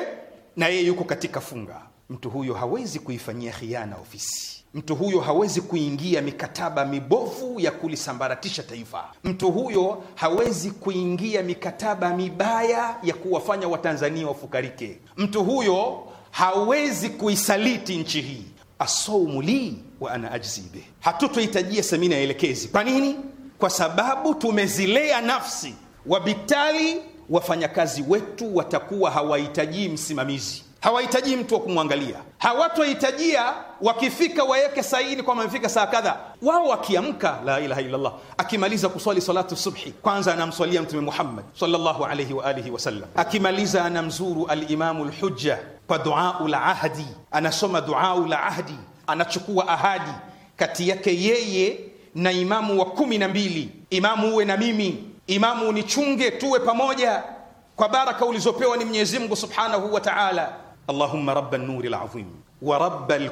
na yeye yuko katika funga. Mtu huyo hawezi kuifanyia khiana ofisi. Mtu huyo hawezi kuingia mikataba mibovu ya kulisambaratisha taifa. Mtu huyo hawezi kuingia mikataba mibaya ya kuwafanya Watanzania wafukarike. Mtu huyo hawezi kuisaliti nchi hii. asaumu lii wa ana ajzibe, bih. Hatutohitajia semina ya elekezi. Kwa nini? kwa sababu tumezilea nafsi, wabitali wafanyakazi wetu watakuwa hawahitaji msimamizi, hawahitaji mtu wa kumwangalia, hawatohitajia wakifika waweke saini kwamba amefika saa kadha. Wao wakiamka, la ilaha illallah, akimaliza kuswali salatu subhi, kwanza anamswalia Mtume Muhammad sallallahu alaihi wa alihi wasallam, akimaliza anamzuru alimamu lhujja kwa duau la ahdi, anasoma duau la ahdi, anachukua ahadi kati yake yeye na imamu wa kumi na mbili, imamu uwe na mimi, imamu unichunge, tuwe pamoja kwa baraka ulizopewa ni Mwenyezi Mungu Subhanahu wa Ta'ala. Allahumma rabba nuri al wa rabba al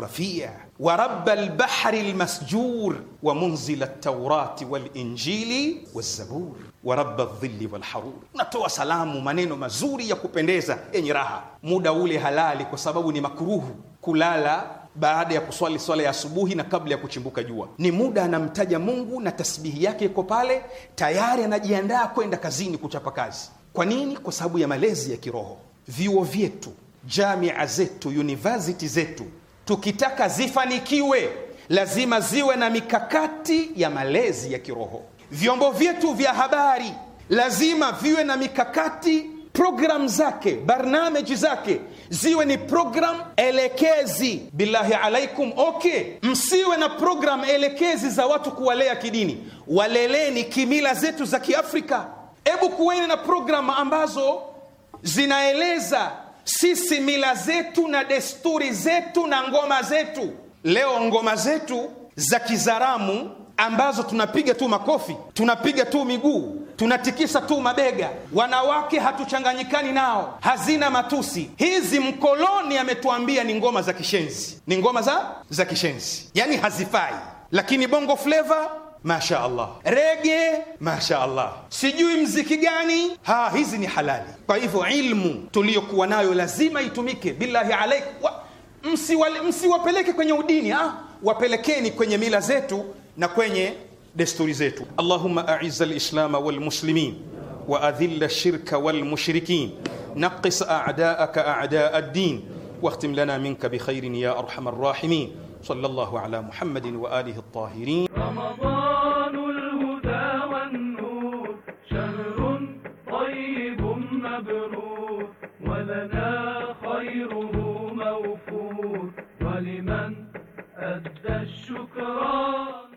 rafia wa rabba lbahri lmasjur wa munzila taurati wal-injili zabur wa rabba dhilli wal-harur. Natoa salamu, maneno mazuri ya kupendeza yenye raha, muda ule halali, kwa sababu ni makuruhu kulala baada ya kuswali swala ya asubuhi na kabla ya kuchimbuka jua. Ni muda anamtaja Mungu na tasbihi yake iko pale tayari, anajiandaa kwenda kazini kuchapa kazi. Kwa nini? Kwa sababu ya malezi ya kiroho. Vyuo vyetu, jamia zetu, univesiti zetu, tukitaka zifanikiwe lazima ziwe na mikakati ya malezi ya kiroho. Vyombo vyetu vya habari lazima viwe na mikakati programu zake, barnameji zake ziwe ni programu elekezi. Billahi alaikum, okay, msiwe na programu elekezi za watu kuwalea kidini, waleleni kimila zetu za Kiafrika. Hebu kuweni na programu ambazo zinaeleza sisi mila zetu na desturi zetu na ngoma zetu. Leo ngoma zetu za Kizaramu ambazo tunapiga tu makofi, tunapiga tu miguu, tunatikisa tu mabega. Wanawake hatuchanganyikani nao, hazina matusi. Hizi mkoloni ametuambia ni ngoma za kishenzi, ni ngoma za za kishenzi, yani hazifai. Lakini bongo fleva Masha Allah, rege masha Allah, sijui mziki gani ha, hizi ni halali. Kwa hivyo ilmu tuliyokuwa nayo lazima itumike. Billahi alaik, msiwapeleke msi kwenye udini ha? Ah. Wapelekeni kwenye mila zetu na kwenye desturi zetu. Allahumma a'izza al-islama wal muslimin wa adhilla ash-shirka wal mushrikin نقص أعداءك أعداء الدين واختم لنا منك بخير يا أرحم الراحمين صلى الله على محمد وآله الطاهرين رمضان الهدى والنور شهر طيب مبرور ولنا خيره موفور ولمن أدى الشكران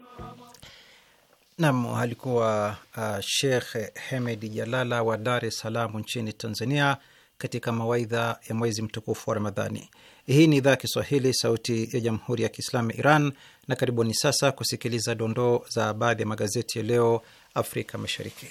Nam alikuwa uh, Shekh Hemedi Jalala wa Dar es Salaam nchini Tanzania, katika mawaidha ya mwezi mtukufu wa Ramadhani. Hii ni idhaa ya Kiswahili, Sauti ya Jamhuri ya Kiislamu ya Iran, na karibuni sasa kusikiliza dondoo za baadhi ya magazeti ya leo Afrika Mashariki.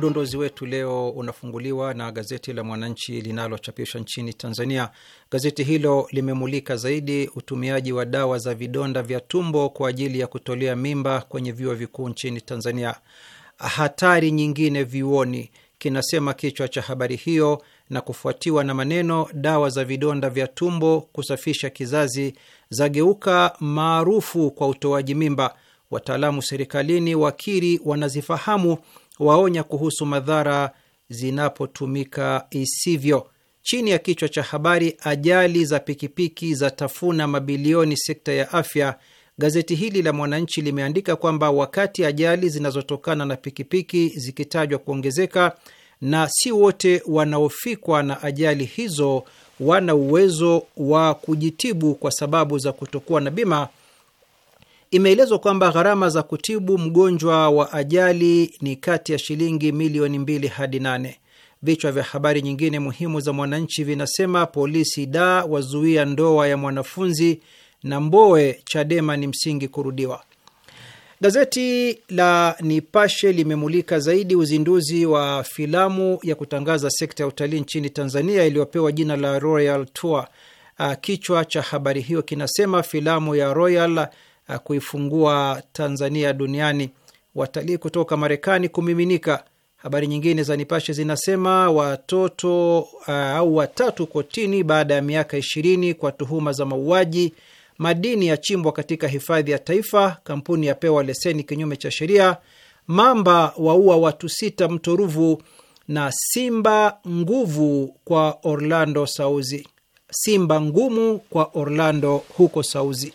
Udondozi wetu leo unafunguliwa na gazeti la Mwananchi linalochapishwa nchini Tanzania. Gazeti hilo limemulika zaidi utumiaji wa dawa za vidonda vya tumbo kwa ajili ya kutolea mimba kwenye vyuo vikuu nchini Tanzania. Hatari nyingine vyuoni, kinasema kichwa cha habari hiyo, na kufuatiwa na maneno dawa za vidonda vya tumbo kusafisha kizazi zageuka maarufu kwa utoaji mimba, wataalamu serikalini wakiri wanazifahamu waonya kuhusu madhara zinapotumika isivyo, chini ya kichwa cha habari ajali za pikipiki za tafuna mabilioni sekta ya afya. Gazeti hili la Mwananchi limeandika kwamba wakati ajali zinazotokana na pikipiki zikitajwa kuongezeka, na si wote wanaofikwa na ajali hizo wana uwezo wa kujitibu kwa sababu za kutokuwa na bima, Imeelezwa kwamba gharama za kutibu mgonjwa wa ajali ni kati ya shilingi milioni mbili hadi nane. Vichwa vya habari nyingine muhimu za Mwananchi vinasema polisi da wazuia ndoa ya mwanafunzi na Mbowe, Chadema ni msingi kurudiwa. Gazeti la Nipashe limemulika zaidi uzinduzi wa filamu ya kutangaza sekta ya utalii nchini Tanzania iliyopewa jina la Royal Tour. Ah, kichwa cha habari hiyo kinasema filamu ya Royal Eh, kuifungua Tanzania duniani, watalii kutoka Marekani kumiminika. Habari nyingine za Nipashe zinasema watoto eh, au watatu kotini baada ya miaka ishirini kwa tuhuma za mauaji, madini yachimbwa katika hifadhi ya taifa, kampuni yapewa leseni kinyume cha sheria, mamba waua watu sita mto Ruvu, na simba nguvu kwa Orlando Sauzi, simba ngumu kwa Orlando huko Sauzi.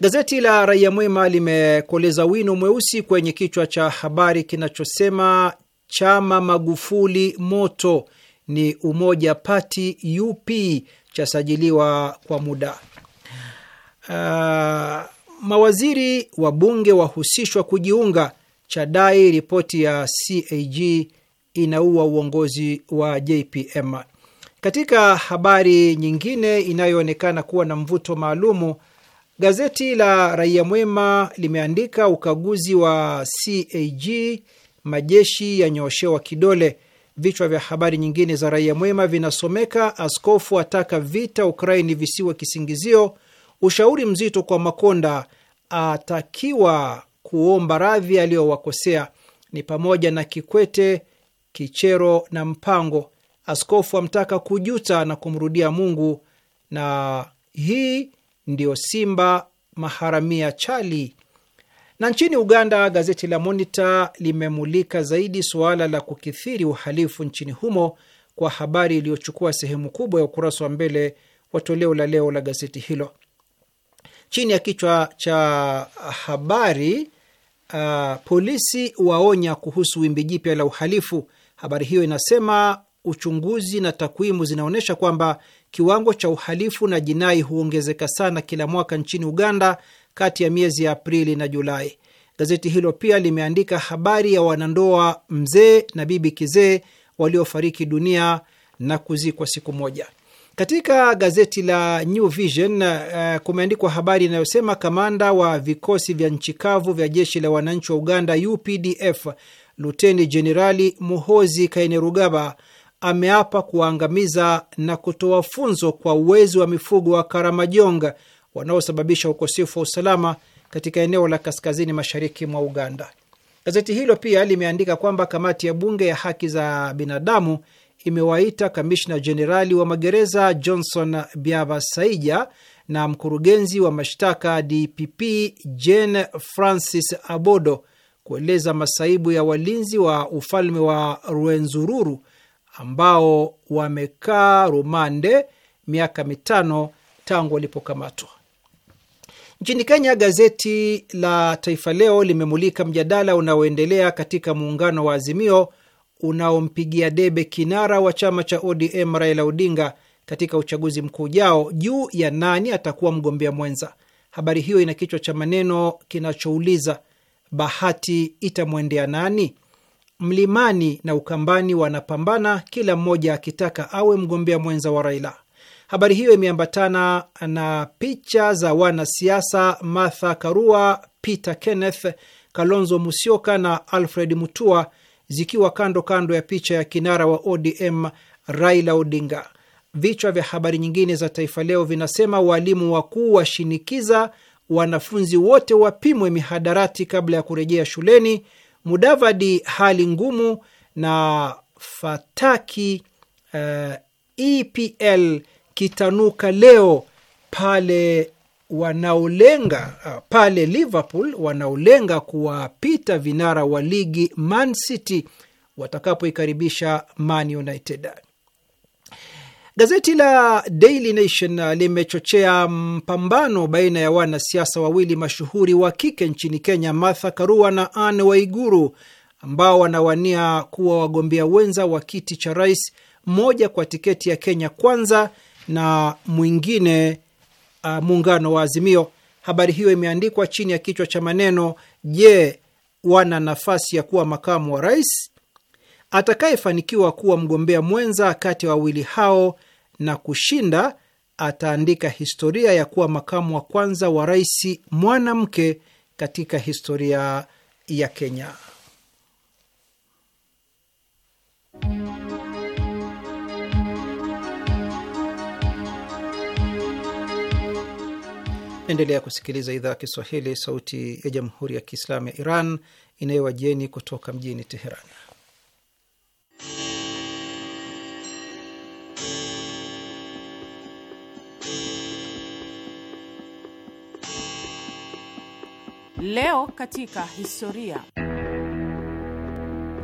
Gazeti la Raia Mwema limekoleza wino mweusi kwenye kichwa cha habari kinachosema chama Magufuli moto ni umoja pati UP chasajiliwa kwa muda. Uh, mawaziri wabunge wahusishwa kujiunga, chadai ripoti ya CAG inaua uongozi wa JPM. Katika habari nyingine inayoonekana kuwa na mvuto maalumu Gazeti la Raia Mwema limeandika ukaguzi wa CAG majeshi yanyooshewa kidole. Vichwa vya habari nyingine za Raia Mwema vinasomeka: askofu ataka vita Ukraini visiwe kisingizio, ushauri mzito kwa Makonda, atakiwa kuomba radhi aliyowakosea, ni pamoja na Kikwete, Kichero na Mpango. Askofu amtaka kujuta na kumrudia Mungu, na hii ndio simba maharamia chali. Na nchini Uganda, gazeti la Monitor limemulika zaidi suala la kukithiri uhalifu nchini humo kwa habari iliyochukua sehemu kubwa ya ukurasa wa mbele wa toleo la leo la gazeti hilo chini ya kichwa cha habari uh, polisi waonya kuhusu wimbi jipya la uhalifu. Habari hiyo inasema uchunguzi na takwimu zinaonyesha kwamba kiwango cha uhalifu na jinai huongezeka sana kila mwaka nchini Uganda kati ya miezi ya Aprili na Julai. Gazeti hilo pia limeandika habari ya wanandoa mzee na bibi kizee waliofariki dunia na kuzikwa siku moja. Katika gazeti la New Vision uh, kumeandikwa habari inayosema kamanda wa vikosi vya nchi kavu vya jeshi la wananchi wa Uganda UPDF Luteni Jenerali Muhozi Kainerugaba ameapa kuwaangamiza na kutoa funzo kwa uwezi wa mifugo wa Karamajonga wanaosababisha ukosefu wa usalama katika eneo la kaskazini mashariki mwa Uganda. Gazeti hilo pia limeandika kwamba kamati ya bunge ya haki za binadamu imewaita kamishna jenerali wa magereza Johnson Biabasaija na mkurugenzi wa mashtaka DPP Jane Francis Abodo kueleza masaibu ya walinzi wa ufalme wa Rwenzururu ambao wamekaa rumande miaka mitano tangu walipokamatwa. Nchini Kenya, gazeti la Taifa Leo limemulika mjadala unaoendelea katika muungano wa Azimio unaompigia debe kinara wa chama cha ODM Raila Odinga katika uchaguzi mkuu ujao juu ya nani atakuwa mgombea mwenza. Habari hiyo ina kichwa cha maneno kinachouliza bahati itamwendea nani? mlimani na Ukambani wanapambana, kila mmoja akitaka awe mgombea mwenza wa Raila. Habari hiyo imeambatana na picha za wanasiasa Martha Karua, Peter Kenneth, Kalonzo Musyoka na Alfred Mutua zikiwa kando kando ya picha ya kinara wa ODM Raila Odinga. Vichwa vya habari nyingine za Taifa Leo vinasema waalimu wakuu washinikiza wanafunzi wote wapimwe mihadarati kabla ya kurejea shuleni. Mudavadi hali ngumu na fataki uh, eh, EPL kitanuka leo pale wanaolenga uh, pale Liverpool wanaolenga kuwapita vinara wa ligi Man City watakapoikaribisha Man United. Gazeti la Daily Nation uh, limechochea mpambano baina ya wanasiasa wawili mashuhuri wa kike nchini Kenya, Martha Karua na Anne Waiguru, ambao wanawania kuwa wagombea wenza wa kiti cha rais, mmoja kwa tiketi ya Kenya Kwanza na mwingine uh, muungano wa Azimio. Habari hiyo imeandikwa chini ya kichwa cha maneno, Je, wana nafasi ya kuwa makamu wa rais? Atakayefanikiwa kuwa mgombea mwenza kati ya wa wawili hao na kushinda ataandika historia ya kuwa makamu wa kwanza wa rais mwanamke katika historia ya Kenya. Endelea kusikiliza idhaa ya Kiswahili, sauti ya jamhuri ya kiislamu ya Iran inayowajieni kutoka mjini Teheran. Leo katika historia.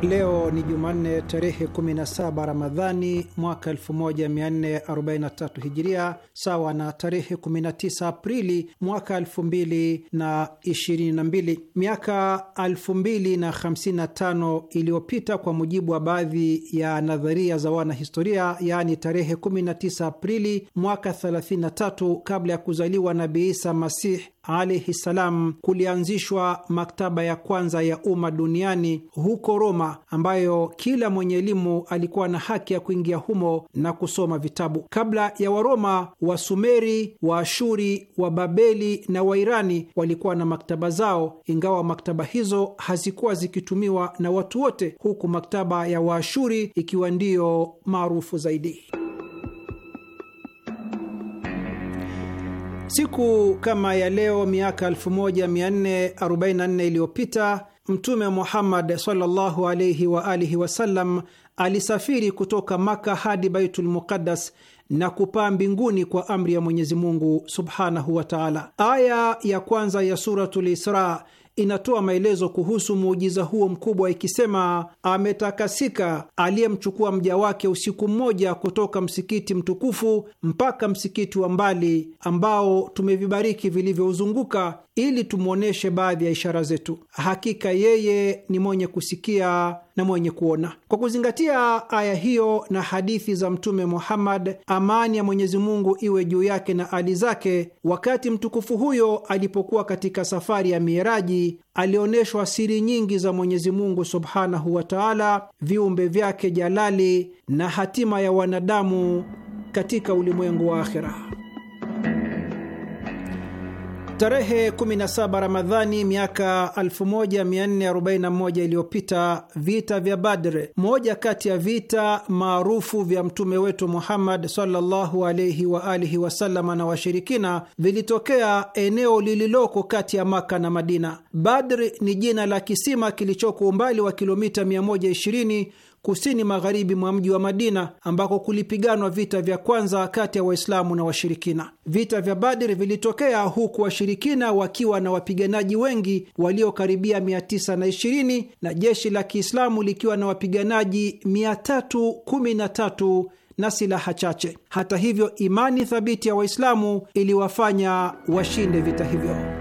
Leo ni Jumanne tarehe 17 Ramadhani mwaka 1443 Hijiria, sawa na tarehe 19 Aprili mwaka 2022. Miaka 2055 iliyopita, kwa mujibu wa baadhi ya nadharia za wanahistoria, yaani tarehe 19 Aprili mwaka 33 kabla ya kuzaliwa Nabii Isa Masih, alaihi ssalam kulianzishwa maktaba ya kwanza ya umma duniani huko Roma, ambayo kila mwenye elimu alikuwa na haki ya kuingia humo na kusoma vitabu. Kabla ya Waroma, Wasumeri, Waashuri, Wababeli na Wairani walikuwa na maktaba zao, ingawa maktaba hizo hazikuwa zikitumiwa na watu wote, huku maktaba ya Waashuri ikiwa ndiyo maarufu zaidi. Siku kama ya leo miaka 1444 iliyopita Mtume Muhammad sallallahu alaihi wa alihi wasallam alisafiri kutoka Maka hadi Baitul Muqaddas na kupaa mbinguni kwa amri ya Mwenyezi Mungu subhanahu wa taala. Aya ya kwanza ya Suratul Isra inatoa maelezo kuhusu muujiza huo mkubwa ikisema, ametakasika aliyemchukua mja wake usiku mmoja kutoka msikiti mtukufu mpaka msikiti wa mbali ambao tumevibariki vilivyouzunguka ili tumwonyeshe baadhi ya ishara zetu. Hakika yeye ni mwenye kusikia na mwenye kuona. Kwa kuzingatia aya hiyo na hadithi za Mtume Muhammad, amani ya Mwenyezi Mungu iwe juu yake na ali zake, wakati mtukufu huyo alipokuwa katika safari ya Mieraji alionyeshwa siri nyingi za Mwenyezi Mungu subhanahu wa taala, viumbe vyake jalali na hatima ya wanadamu katika ulimwengu wa akhira. Tarehe 17 Ramadhani miaka 1441 iliyopita, vita vya Badr, moja kati ya vita maarufu vya mtume wetu Muhammad sallallahu alaihi wa alihi na washirikina, vilitokea eneo lililoko kati ya Maka na Madina. Badr ni jina la kisima kilichoko umbali wa kilomita 120 kusini magharibi mwa mji wa Madina ambako kulipiganwa vita vya kwanza kati ya Waislamu na washirikina. Vita vya Badri vilitokea huku washirikina wakiwa na wapiganaji wengi waliokaribia 920 na jeshi la Kiislamu likiwa na wapiganaji 313 na silaha chache. Hata hivyo, imani thabiti ya Waislamu iliwafanya washinde vita hivyo.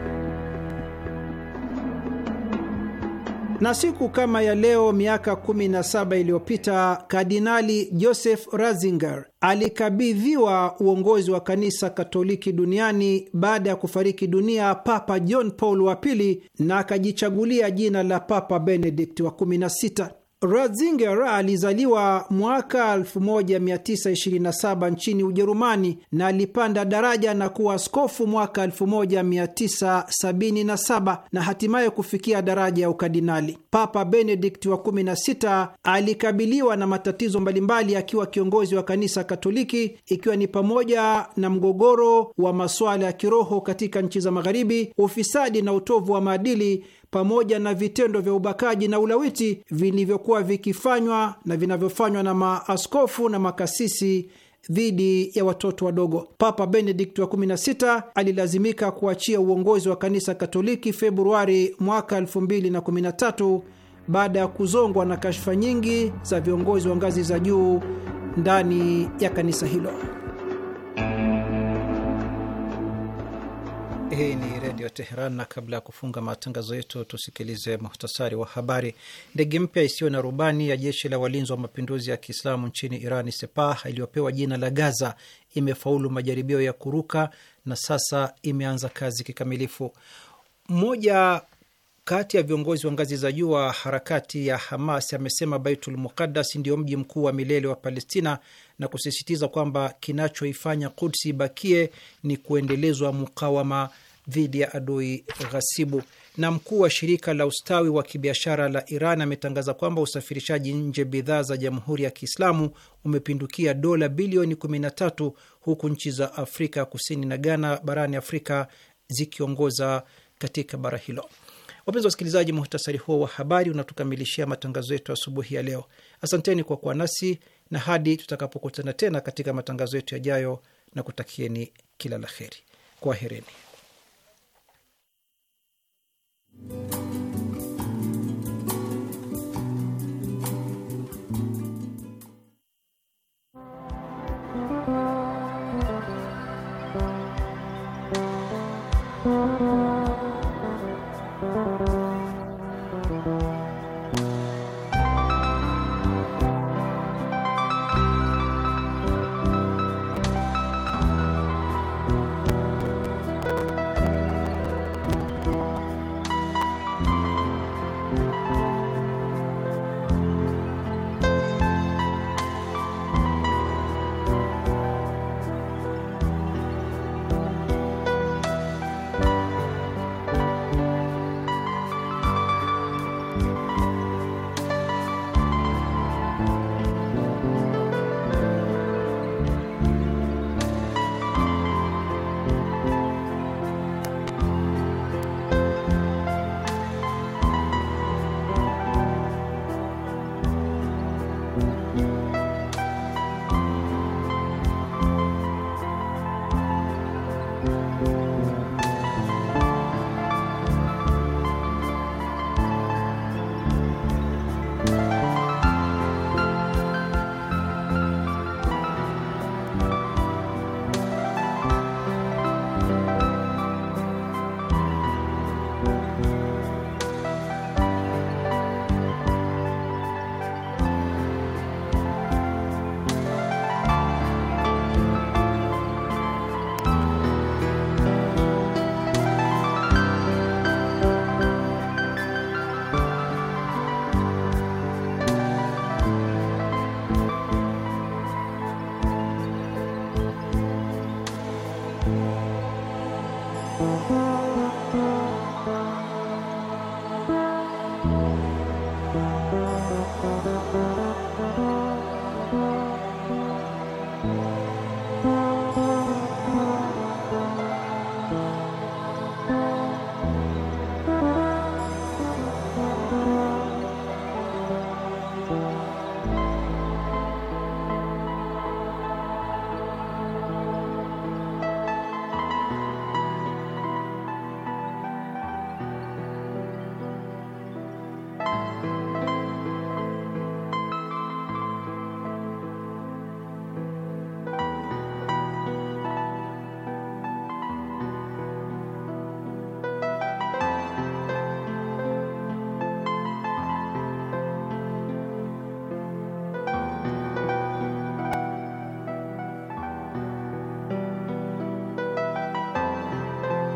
Na siku kama ya leo miaka 17 iliyopita Kardinali Joseph Ratzinger alikabidhiwa uongozi wa kanisa Katoliki duniani baada ya kufariki dunia Papa John Paul wa pili na akajichagulia jina la Papa Benedict wa 16. Ratzinger alizaliwa mwaka 1927 nchini Ujerumani na alipanda daraja na kuwa askofu mwaka 1977 na hatimaye kufikia daraja ya ukardinali. Papa Benedikt wa 16 alikabiliwa na matatizo mbalimbali akiwa kiongozi wa kanisa Katoliki, ikiwa ni pamoja na mgogoro wa masuala ya kiroho katika nchi za Magharibi, ufisadi na utovu wa maadili pamoja na vitendo vya ubakaji na ulawiti vilivyokuwa vikifanywa na vinavyofanywa na maaskofu na makasisi dhidi ya watoto wadogo. Papa Benedikt wa 16 alilazimika kuachia uongozi wa kanisa Katoliki Februari mwaka 2013 baada ya kuzongwa na kashfa nyingi za viongozi wa ngazi za juu ndani ya kanisa hilo. Hii ni Redio Teheran, na kabla ya kufunga matangazo yetu tusikilize muhtasari wa habari. Ndege mpya isiyo na rubani ya jeshi la walinzi wa mapinduzi ya Kiislamu nchini Iran, Sepah, iliyopewa jina la Gaza imefaulu majaribio ya kuruka na sasa imeanza kazi kikamilifu. Mmoja kati ya viongozi wa ngazi za juu wa harakati ya Hamas amesema Baitul Muqaddas ndio mji mkuu wa milele wa Palestina na kusisitiza kwamba kinachoifanya Kudsi ibakie ni kuendelezwa mukawama dhidi ya adui ghasibu. Na mkuu wa shirika la ustawi wa kibiashara la Iran ametangaza kwamba usafirishaji nje bidhaa za Jamhuri ya Kiislamu umepindukia dola bilioni 13 huku nchi za Afrika Kusini na Ghana barani Afrika zikiongoza katika bara hilo. Wapenzi wasikilizaji, muhtasari huo wa habari unatukamilishia matangazo yetu asubuhi ya leo. Asanteni kwa kuwa nasi na hadi tutakapokutana tena katika matangazo yetu yajayo, na kutakieni kila la heri. Kwaherini.